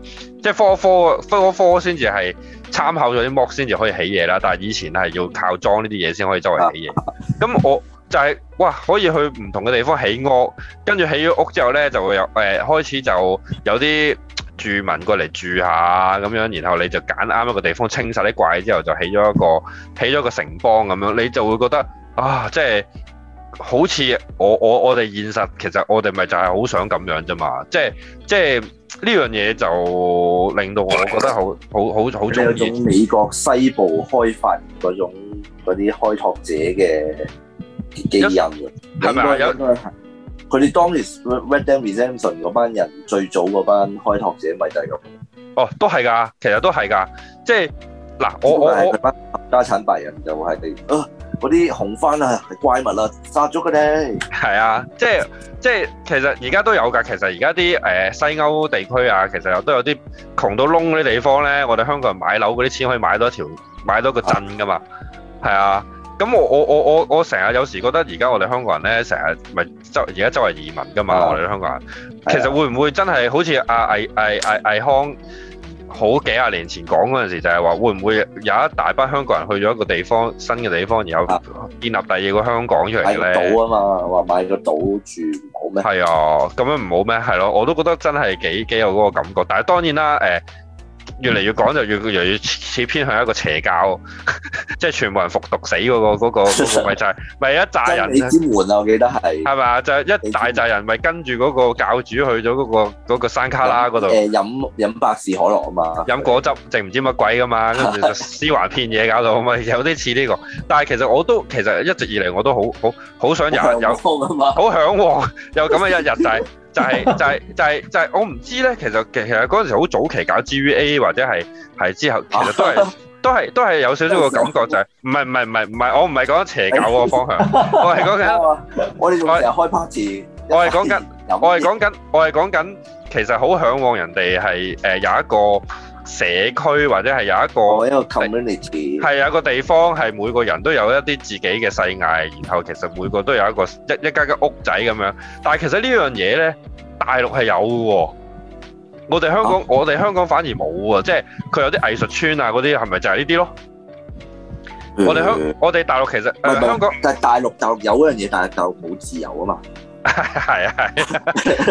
Speaker 1: 即係 four four four four 先至係參考咗啲 mod 先至可以起嘢啦。但係以前係要靠裝呢啲嘢先可以周圍起嘢。咁我就係、是、哇，可以去唔同嘅地方起屋，跟住起咗屋之後咧就會有誒、呃、開始就有啲住民過嚟住下咁樣，然後你就揀啱一個地方清晒啲怪之後就起咗一個起咗個城邦咁樣，你就會覺得啊，即係～好似我我我哋現實，其實我哋咪就係好想咁樣啫嘛，即係即係呢樣嘢就
Speaker 3: 令到我覺得 好好好好中意。你有種美國西部開發嗰種嗰啲開拓者嘅基因，係咪？應該係佢哋有當年 Red Dead Redemption 嗰班人最早嗰班開拓者，咪就係咁。哦，都係噶，其實都係噶，即係嗱，我我我家產白人就係、是、地、啊嗰啲紅番啊，係怪物啊，殺咗佢哋，係啊，
Speaker 1: 即係即係，其實而家都有㗎。其實而家啲誒西歐地區啊，其實又都有啲窮到窿啲地方咧。我哋香港人買樓嗰啲錢可以買到一條，買到個鎮㗎嘛。係啊，咁我我我我我成日有時覺得而家我哋香港人咧，成日咪周而家周圍移民㗎嘛。我哋香港人其實會唔會真係好似阿魏魏魏康？好幾廿年前講嗰陣時，就係話會唔會有一大班香港人去咗一個地方，新嘅地方，然後建立第二個香港出嚟咧？買島啊嘛，
Speaker 3: 話買個島住唔
Speaker 1: 好咩？係啊，咁樣唔好咩？係咯、啊，我都覺得真係幾幾有嗰個感覺。但係當然啦，誒、欸。越嚟越講就越嚟越，越似，似偏向一個邪教， 即係全部人服毒死嗰個嗰個，咪、嗰個嗰個、 就係咪一紮人咧？你之
Speaker 3: 門啊，我記得係係咪
Speaker 1: 啊？就係一大扎人，咪跟住嗰個教主去咗嗰、嗰個嗰個山卡拉嗰度飲
Speaker 3: 飲，飲百事可樂啊嘛，
Speaker 1: 飲果汁定唔知乜鬼噶嘛，跟住對 就撕橫片嘢搞到，咪 有啲似呢個。但係其實我都其實一直以嚟我都好好好，好想有有好嚮往喎，有咁嘅一日就係。 就係就係就係就係我唔知咧，其實其實嗰陣時好早期搞 GVA 或者係係之後，其實都係都係都係有少少個感覺，就係唔係唔係唔係唔係，我唔係講邪教嗰個方向，
Speaker 3: 我係講緊我哋仲有開
Speaker 1: party，我係講緊我係講緊我係講緊，其實好嚮往人哋係誒有一個。社區或者係有一個，一個 community 係有一個地方，係每個人都有一啲自己嘅細藝，然後其實每個都有一個一一間嘅屋仔咁樣。但係其實呢樣嘢呢，大陸係有喎、哦。我哋香港，啊、我哋香港反而冇喎，即係佢有啲藝術村啊嗰啲，係咪就係呢啲咯？嗯、我哋香，
Speaker 3: 我哋大陸其實、嗯、香港，但係大陸就有嗰樣嘢，但係就冇自由啊嘛。係係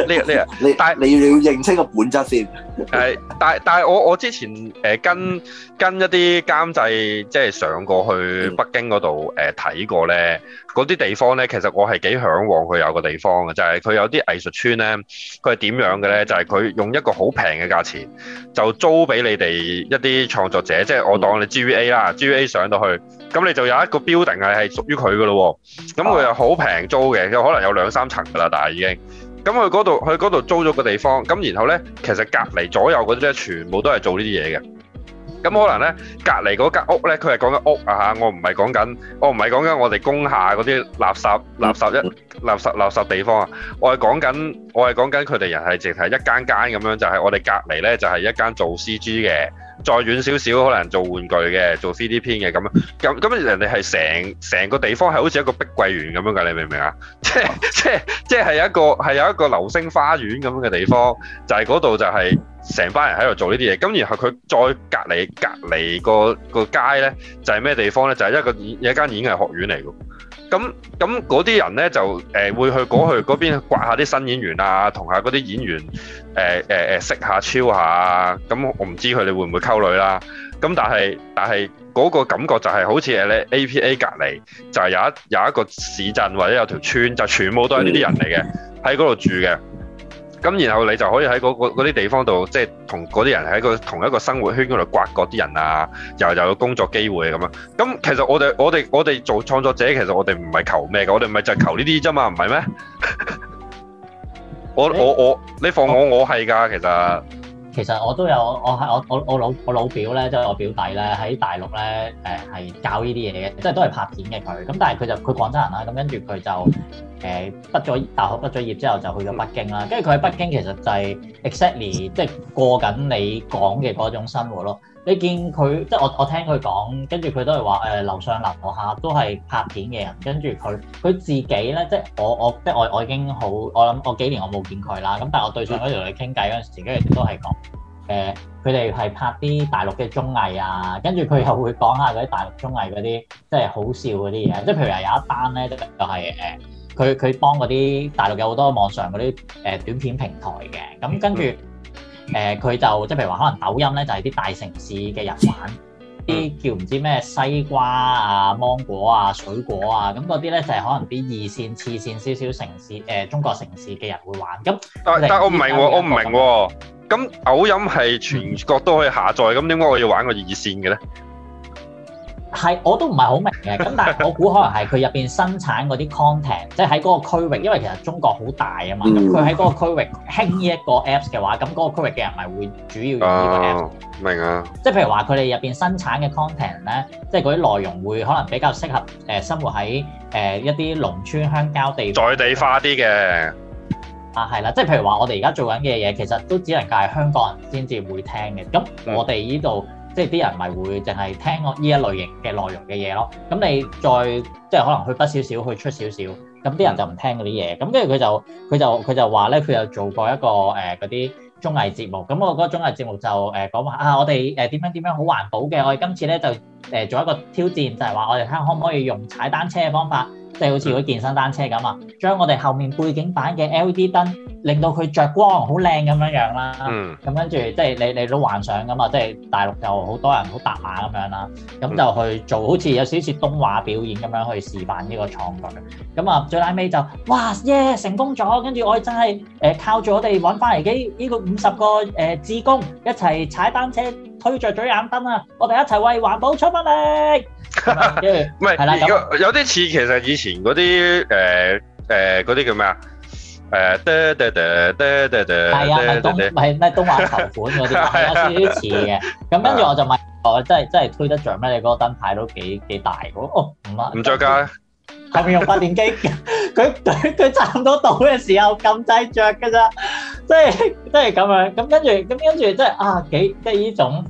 Speaker 3: 呢啊呢啊，但係你要要認清個本質先。
Speaker 1: 係，但係但係我我之前誒、呃、跟跟一啲監製，即係上過去北京嗰度誒睇過咧，嗰啲地方咧，其實我係幾嚮往佢有個地方嘅，就係、是、佢有啲藝術村咧，佢係點樣嘅咧？就係、是、佢用一個好平嘅價錢，就租俾你哋一啲創作者，即係我當你 GVA 啦 ，GVA 上到去。咁你就有一個 building 係，係屬於佢噶咯喎，咁佢又好平租嘅，有可能有兩三層噶啦，但係已經，咁佢嗰度佢嗰度租咗個地方，咁然後咧，其實隔離左右嗰啲咧，全部都係做呢啲嘢嘅，咁可能咧隔離嗰間屋咧，佢係講緊屋啊嚇，我唔係講緊，我唔係講緊我哋工廈嗰啲垃圾垃圾一垃圾垃圾地方啊，我係講緊我係講緊佢哋人係淨係一間間咁樣，就係我哋隔離咧就係一間做 CG 嘅。再遠少少，可能做玩具嘅，做 CD 片嘅咁啊咁咁啊，人哋係成成個地方係好似一個碧桂園咁樣㗎，你明唔明啊？即即即係有一個係有一個流星花園咁樣嘅地方，就係嗰度就係成班人喺度做呢啲嘢。咁然後佢再隔離隔離個個街咧，就係咩地方咧？就係一個有一間演藝學院嚟㗎。咁咁嗰啲人咧就誒、呃、會去嗰去嗰邊刮下啲新演員啊，同下嗰啲演員誒誒誒識下超下，咁、嗯、我唔知佢哋會唔會溝女啦、啊。咁、嗯、但係但係嗰個感覺就係好似咧 APA 隔籬，就係、有一有一個市鎮或者有條村，就係、全部都係呢啲人嚟嘅，喺嗰度住嘅。咁然後你就可以喺嗰個嗰啲地方度，即係同嗰啲人喺個同一個生活圈嗰度刮嗰啲人啊，又又有工作機會咁啊！咁其實我哋我哋我哋做創作者，其實我哋唔係求咩㗎，我哋咪就係求呢啲啫嘛，唔係咩？我我我，你放我我係㗎，其實。其實
Speaker 2: 我都有我我我我老我老表咧，即係我表弟咧喺大陸咧，誒係教呢啲嘢嘅，即係都係拍片嘅佢。咁但係佢就佢廣州人啦，咁跟住佢就誒畢咗大學畢咗業之後就去咗北京啦。跟住佢喺北京其實就係 exactly 即係過緊你講嘅嗰種生活咯。你見佢即係我，我聽佢講，跟住佢都係話誒，樓上樓下都係拍片嘅人。跟住佢佢自己咧，即係我我即係我我已經好，我諗我幾年我冇見佢啦。咁但係我對上佢同你傾偈嗰陣時，跟住都係講誒，佢哋係拍啲大陸嘅綜藝啊。跟住佢又會講下嗰啲大陸綜藝嗰啲即係好笑嗰啲嘢，即係譬如話有一單咧，就係、是、誒，佢、呃、佢幫嗰啲大陸有好多網上嗰啲誒短片平台嘅。咁跟住。誒佢、呃、就即係譬如話，可能抖音咧就係、是、啲大城市嘅人玩，啲、嗯、叫唔知咩西瓜啊、芒果啊、水果啊，咁嗰啲咧就係、是、可能啲二線、次線少少城市誒、呃、中國城市嘅人會玩。咁
Speaker 1: 但係但係我唔明喎、啊，我唔明喎、啊。咁抖音係全國都可以下載，咁點解我要玩個二線嘅咧？
Speaker 2: 係，我都唔係好明嘅。咁但係我估可能係佢入邊生產嗰啲 content，即係喺嗰個區域，因為其實中國好大啊嘛。咁佢喺嗰個區域興呢一個 apps 嘅話，咁嗰個區域嘅人咪會主
Speaker 1: 要用呢個 app。哦，明啊！即係
Speaker 2: 譬如話佢哋入邊生產嘅 content 咧，即係嗰啲內容會可能比較適合誒、呃、生活喺誒、呃、一啲農村鄉郊地。在地化啲嘅。啊，係啦，即係譬如話我哋而家做緊嘅嘢，其實都只能夠係香港人先至會聽嘅。咁我哋呢度。嗯即係啲人咪會淨係聽我呢一類型嘅內容嘅嘢咯，咁你再即係可能去不少少，去出少少，咁啲人就唔聽嗰啲嘢。咁跟住佢就佢就佢就話咧，佢有做過一個誒嗰啲綜藝節目，咁我嗰個綜藝節目就誒講話啊，我哋誒點樣點樣好環保嘅，我哋今次咧就誒做一個挑戰，就係話我哋睇下可唔可以用踩單車嘅方法。即係好似嗰健身單車咁啊，將我哋後面背景板嘅 LED 燈令到佢著光好靚咁樣樣啦。咁跟住即係你你都幻想㗎嘛，即係大陸就好多人好搭馬咁樣啦，咁就去做好似有少少東話表演咁樣去示範呢個創舉。咁啊最拉尾就哇耶成功咗！跟住我真係誒靠住我哋揾翻嚟嘅呢個五十個誒志工一齊踩單車，推着咗眼燈啊！我哋一齊為環保出力。
Speaker 1: 唔係，係啦，有啲似其實以前嗰啲誒誒嗰啲叫咩啊？誒嗲係啊，東唔係
Speaker 2: 咩東華球館嗰啲啊，有少少似嘅。咁跟住我就問，我真係真係推得着咩？你嗰個燈牌都幾幾大嘅喎？唔啊，唔着㗎，後面用發電機，佢佢佢賺到到嘅時候撳低着㗎咋。 即係即係咁樣，咁跟住咁跟住、啊，即係啊幾即係呢種，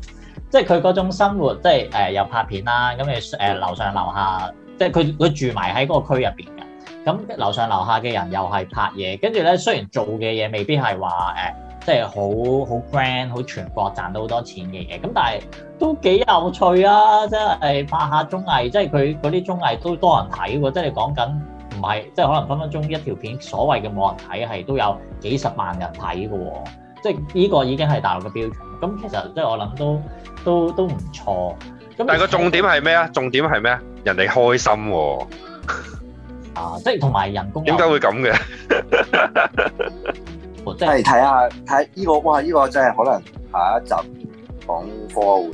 Speaker 2: 即係佢嗰種生活，即係誒、呃、又拍片啦，咁、嗯、誒、呃、樓上樓下，即係佢佢住埋喺嗰個區入邊嘅，咁、嗯、樓上樓下嘅人又係拍嘢，跟住咧雖然做嘅嘢未必係話誒，即係好好 grand 好全國賺到好多錢嘅嘢，咁但係都幾有趣啊！即係拍下綜藝，即係佢嗰啲綜藝都多人睇喎，即係講緊。唔係，即係可能分分鐘一條片所謂嘅冇人睇，係都有幾十萬人睇嘅喎。即係呢個已經係大陸嘅標準。咁其實即係我諗都都都唔錯。但係個重點係
Speaker 1: 咩啊？重點係咩啊？人哋開心喎。啊，即係同埋人工點解會咁嘅？
Speaker 3: 即係是睇下睇下呢個，哇！呢個真係可能下一集講 Fall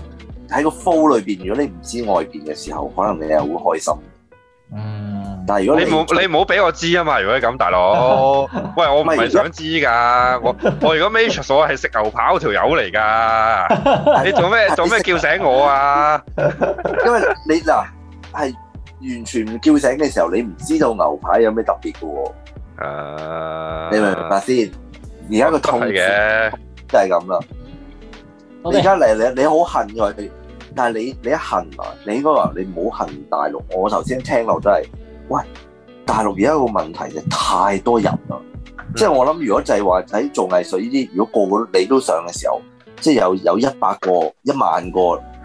Speaker 3: 喺個 Fall 裏邊。如果你唔知外邊嘅時候，可能你係會開心。嗯。但如果你冇你
Speaker 1: 冇俾我知啊嘛？如果你咁，大佬，喂，我唔係想知噶， 我我如果 match 係食牛扒條友嚟噶， 你做咩做咩叫醒我啊？
Speaker 3: 因為你嗱係完全唔叫醒嘅時候，你唔知道牛扒有咩特別噶喎。Uh, 你明唔明白先， 而家個痛係嘅，就係咁啦。而家嚟你你好恨佢，但係你你一恨啊，你應該話你唔好恨大陸。我頭先聽落真係。喂，大陸而家個問題就太多人啦，即係我諗，如果就係話喺做藝術呢啲，如果個個你都上嘅時候，即係有有一百個、一萬個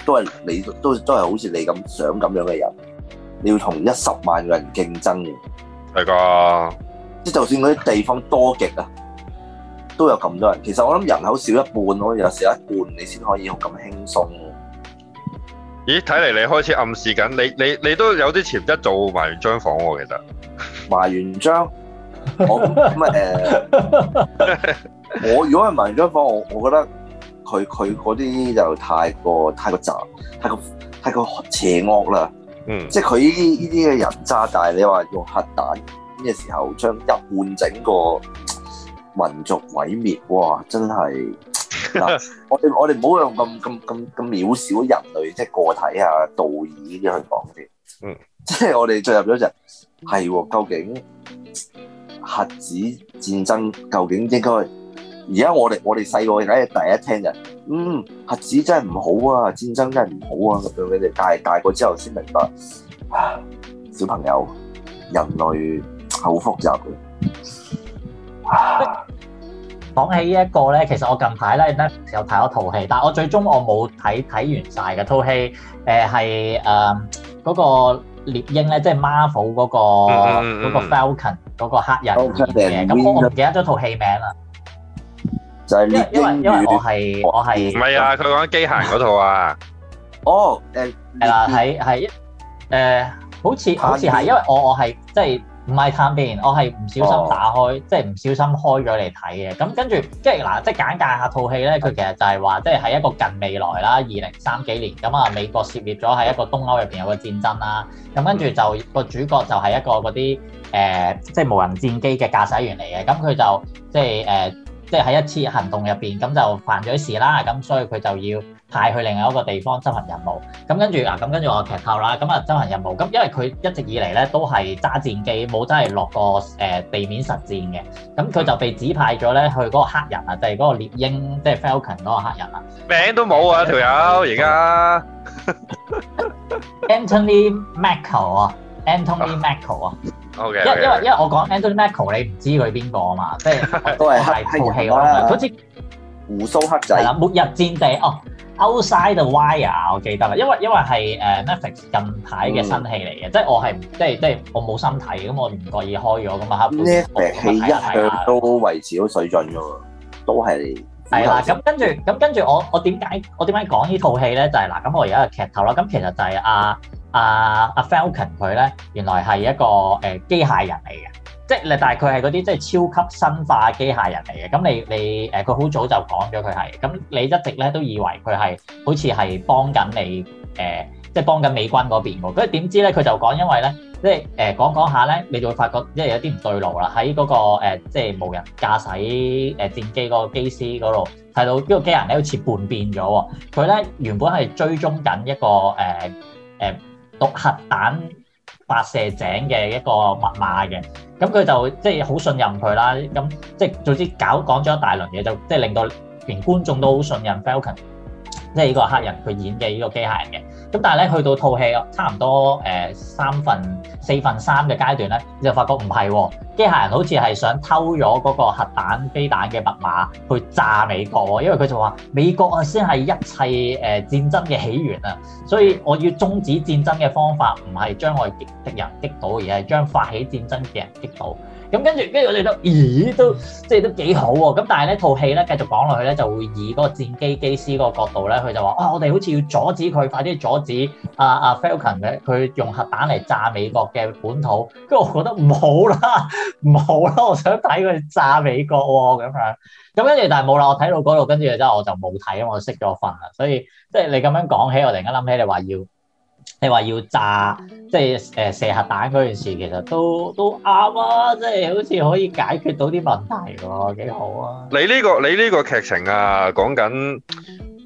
Speaker 3: 都係你都都係好似你咁想咁樣嘅人，你要同一十萬個人競爭嘅，係㗎，即係就算嗰啲地方多極啊，都有咁多人。其實我諗人口少一半囉，有少一半你先可以咁輕鬆。
Speaker 1: 咦，睇嚟你開始暗示緊，你你你都有啲潛質做埋完張房喎，其實。埋完張，
Speaker 3: 我咁誒，我如果係埋完張房，我我覺得佢佢嗰啲就太過太過雜，太過太過邪惡啦。嗯，即係佢呢啲呢啲嘅人渣，但係你話用核彈嘅時候將日本整個民族毀滅，哇！真係～嗱， 我哋我哋唔好用咁咁咁咁渺小人類即係個體啊、道義呢啲去講先，嗯、 就係，即係我哋進入咗就係，係喎，究竟核子戰爭究竟應該？而家我哋我哋細個喺第一聽就，嗯，核子真係唔好啊，戰爭真係唔好啊，咁樣佢哋大大個之後先明白，小朋友人類好複雜嘅。
Speaker 2: 講起呢一個咧，其實我近排咧有睇咗套戲，但係我最終我冇睇睇完曬嘅套戲。誒係誒嗰個獵鷹咧，即係 Marvel 嗰個嗰個 Falcon 嗰個黑人嘅。咁我唔記得咗套戲名啦。
Speaker 3: 就係因為因為我係我係
Speaker 2: 唔係啊？
Speaker 1: 佢講機械嗰套啊？
Speaker 2: 哦誒係啦係誒好似好似係因為我我係即係。唔係探片，我係唔小心打開，oh. 即係唔小心開咗嚟睇嘅。咁跟住，即係嗱，即係簡介下套戲咧。佢其實就係話，即係喺一個近未來啦，二零三幾年。咁啊，美國涉獵咗喺一個東歐入邊有個戰爭啦。咁跟住就個主角就係一個嗰啲誒，即係無人戰機嘅駕駛員嚟嘅。咁佢就即係誒，即係喺、呃、一次行動入邊咁就犯咗事啦。咁所以佢就要。派去另外一個地方執行任務，咁跟住嗱，咁跟住我劇透啦，咁啊執行任務，咁因為佢一直以嚟咧都係揸戰機，冇真係落過誒地面實戰嘅，咁佢就被指派咗咧去嗰個黑人啊，就係嗰個獵鷹，即係 Falcon 嗰個黑人啊，
Speaker 1: 名都冇啊，條友而家
Speaker 2: Anthony Mackie 啊，Anthony Mackie 啊，因為因為因為我講 Anthony Mackie 你唔知佢邊個啊嘛，即係都係係套戲啊，我諗好似鬍鬚黑仔，係啦，末日戰地哦。Outside the Wire，我記得啦，因為因為係誒 Netflix 近排嘅新戲嚟嘅，即係我係即係即係我冇心睇，咁我唔覺意開咗咁啊！呢部戲一向
Speaker 3: 都維持到水準㗎喎，都係係啦，咁
Speaker 2: 跟住咁跟住我我點解我點解講呢套戲咧？就係嗱，咁我而家嘅劇透啦，咁其實就係阿阿阿 Falcon 佢咧，原來係一個誒機械人嚟嘅。即係，但係佢係嗰啲即係超級生化機械人嚟嘅。咁你你誒佢好早就講咗佢係，咁你一直咧都以為佢係好似係幫緊你誒、呃就是，即係幫緊美軍嗰邊喎。咁點知咧佢就講，因為咧即係誒講講下咧，你就會發覺、那個呃、即係有啲唔對路啦。喺嗰個即係無人駕駛誒戰機嗰個機師嗰度睇到呢個機人咧好似叛變咗喎。佢咧原本係追蹤緊一個誒誒、呃呃、毒核彈。發射井嘅一個密碼嘅，咁佢就即係好信任佢啦。咁即係總之搞講咗一大輪嘢，就即係，就是，令到連觀眾都好信任 Falcon。即係呢個客人佢演嘅呢個機械人嘅，咁但係咧去到套戲差唔多誒三分四分三嘅階段咧，你就發覺唔係機械人，好似係想偷咗嗰個核彈飛彈嘅密碼去炸美國喎，因為佢就話美國啊先係一切誒戰爭嘅起源啊，所以我要終止戰爭嘅方法唔係將我敵敵人擊倒，而係將發起戰爭嘅人擊倒。咁跟住，跟住我哋都咦都即係都幾好喎、啊。咁但係呢套戲咧繼續講落去咧，就會以嗰個戰機機師嗰個角度咧，佢就話，哦，我哋好似要阻止佢，快啲阻止啊阿、啊、Falcon 嘅佢用核彈嚟炸美國嘅本土。跟住我覺得唔好啦，唔好啦，我想睇佢炸美國喎、啊、咁樣。咁跟住，但係冇啦，我睇到嗰度，跟住之後我就冇睇，我就熄咗瞓啦。所以即係你咁樣講起，我突然間諗起你話要。你話要炸，即係誒射核彈嗰件事，其實都都啱啊！即係好似可以解決到啲問題喎、啊，幾好
Speaker 1: 啊！你呢、這個你呢個劇情啊，講緊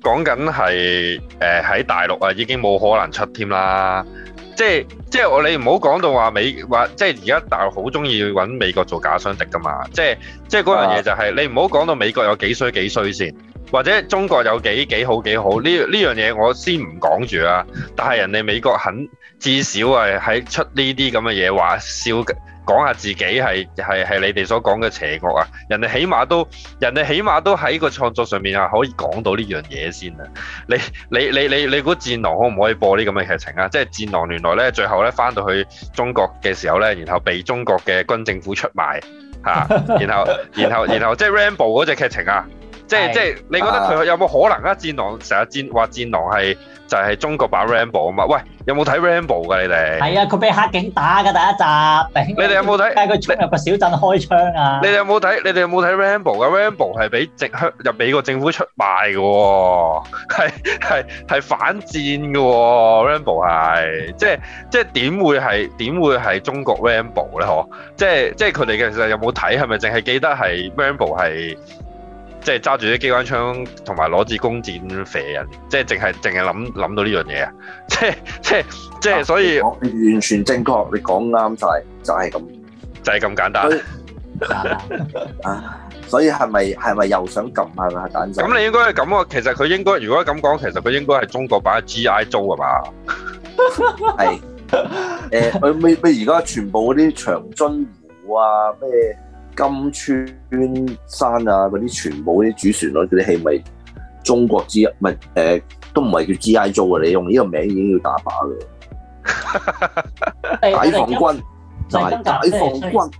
Speaker 1: 講緊係誒喺大陸啊，已經冇可能出添啦！即係即係我你唔好講到話美話，即係而家大陸好中意搵美國做假想敵噶嘛！即係即係嗰樣嘢就係、是、的你唔好講到美國有幾衰幾衰先。或者中國有幾幾好幾好呢？呢樣嘢我先唔講住啊。但係人哋美國肯至少係喺出呢啲咁嘅嘢，話笑講下自己係係係你哋所講嘅邪惡啊！人哋起碼都人哋起碼都喺個創作上面啊，可以講到呢樣嘢先啊！你你你你你估戰狼可唔可以播呢咁嘅劇情啊？即係戰狼原來呢，最後呢返到去中國嘅時候呢，然後被中國嘅軍政府出賣嚇、啊，然後 然後然後，然後即係 Rambo 嗰隻劇情啊！
Speaker 3: 即係即係，你覺得佢
Speaker 1: 有冇可能啊？戰狼成日戰話戰狼係就係、是、中國版 Rambo 啊嘛？喂，有冇睇 Rambo 噶你哋？係
Speaker 2: 啊，佢俾黑警打噶第一集，你哋有冇睇？跟住佢出入個小鎮開槍
Speaker 1: 啊！你哋有冇睇？你哋有冇睇 Rambo 噶？Rambo 係俾直入美國政府出賣嘅、哦，係係係反戰嘅、哦、Rambo 係，即係即係點會係點會係中國 Rambo 咧？呵，即係即係佢哋其實有冇睇？係咪淨係記得係 Rambo 係？即係揸住啲機關槍，同埋攞支弓箭射人，即係淨係淨係諗諗到呢樣嘢啊！即係即係即係，所以
Speaker 3: 完全正確，你講啱晒，就係、是、咁，就係咁簡單。所以係咪係咪又想撳下下彈掣？咁
Speaker 1: 你應該係咁啊！其實佢應該如果咁講，其實佢應該係中國版嘅 G I 租啊嘛？
Speaker 3: 係誒， 佢咩咩而家全部嗰啲長津湖啊咩？金川山啊，嗰啲全部啲主旋律嗰啲係咪中國之一，咪誒、呃、都唔係叫 G I 組嘅、啊，你用呢個名已經要打靶啦！解放軍，就係解放軍。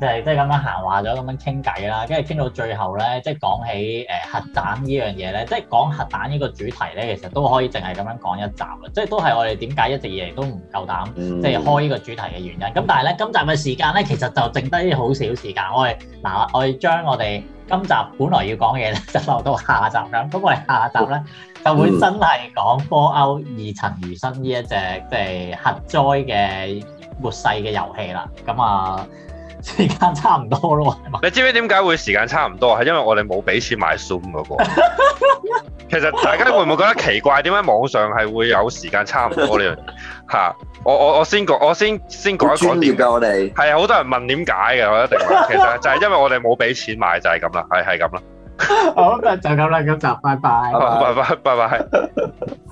Speaker 2: 就係即係咁樣閒話咗，咁樣傾偈啦，跟住傾到最後咧，即係講起誒核彈呢樣嘢咧，即係講核彈呢個主題咧，其實都可以淨係咁樣講一集嘅，即係都係我哋點解一直以嚟都唔夠膽即係開呢個主題嘅原因。咁但係咧，今集嘅時間咧，其實就剩低好少時間。我哋嗱，我哋將我哋今集本來要講嘅嘢咧，就留到下集咁。咁我哋下集咧就會真係講 Fallout 異塵餘生呢一隻即係核災嘅末世嘅遊戲啦。咁啊～時間
Speaker 1: 差唔多咯，你知唔知點解會時間差唔多？係因為我哋冇俾錢買 Zoom 嗰個。 其實大家會唔會覺得奇怪？點解網上係會有時間差唔多呢樣？吓， 我我我先講，我先我先講一講點。專業噶我哋係啊，好多人問點解嘅，我一定話， 其實就係因為我哋冇俾錢買，就係咁啦，係係咁啦。
Speaker 2: 好，就咁啦，今集拜拜，
Speaker 1: 拜拜，拜拜拜拜。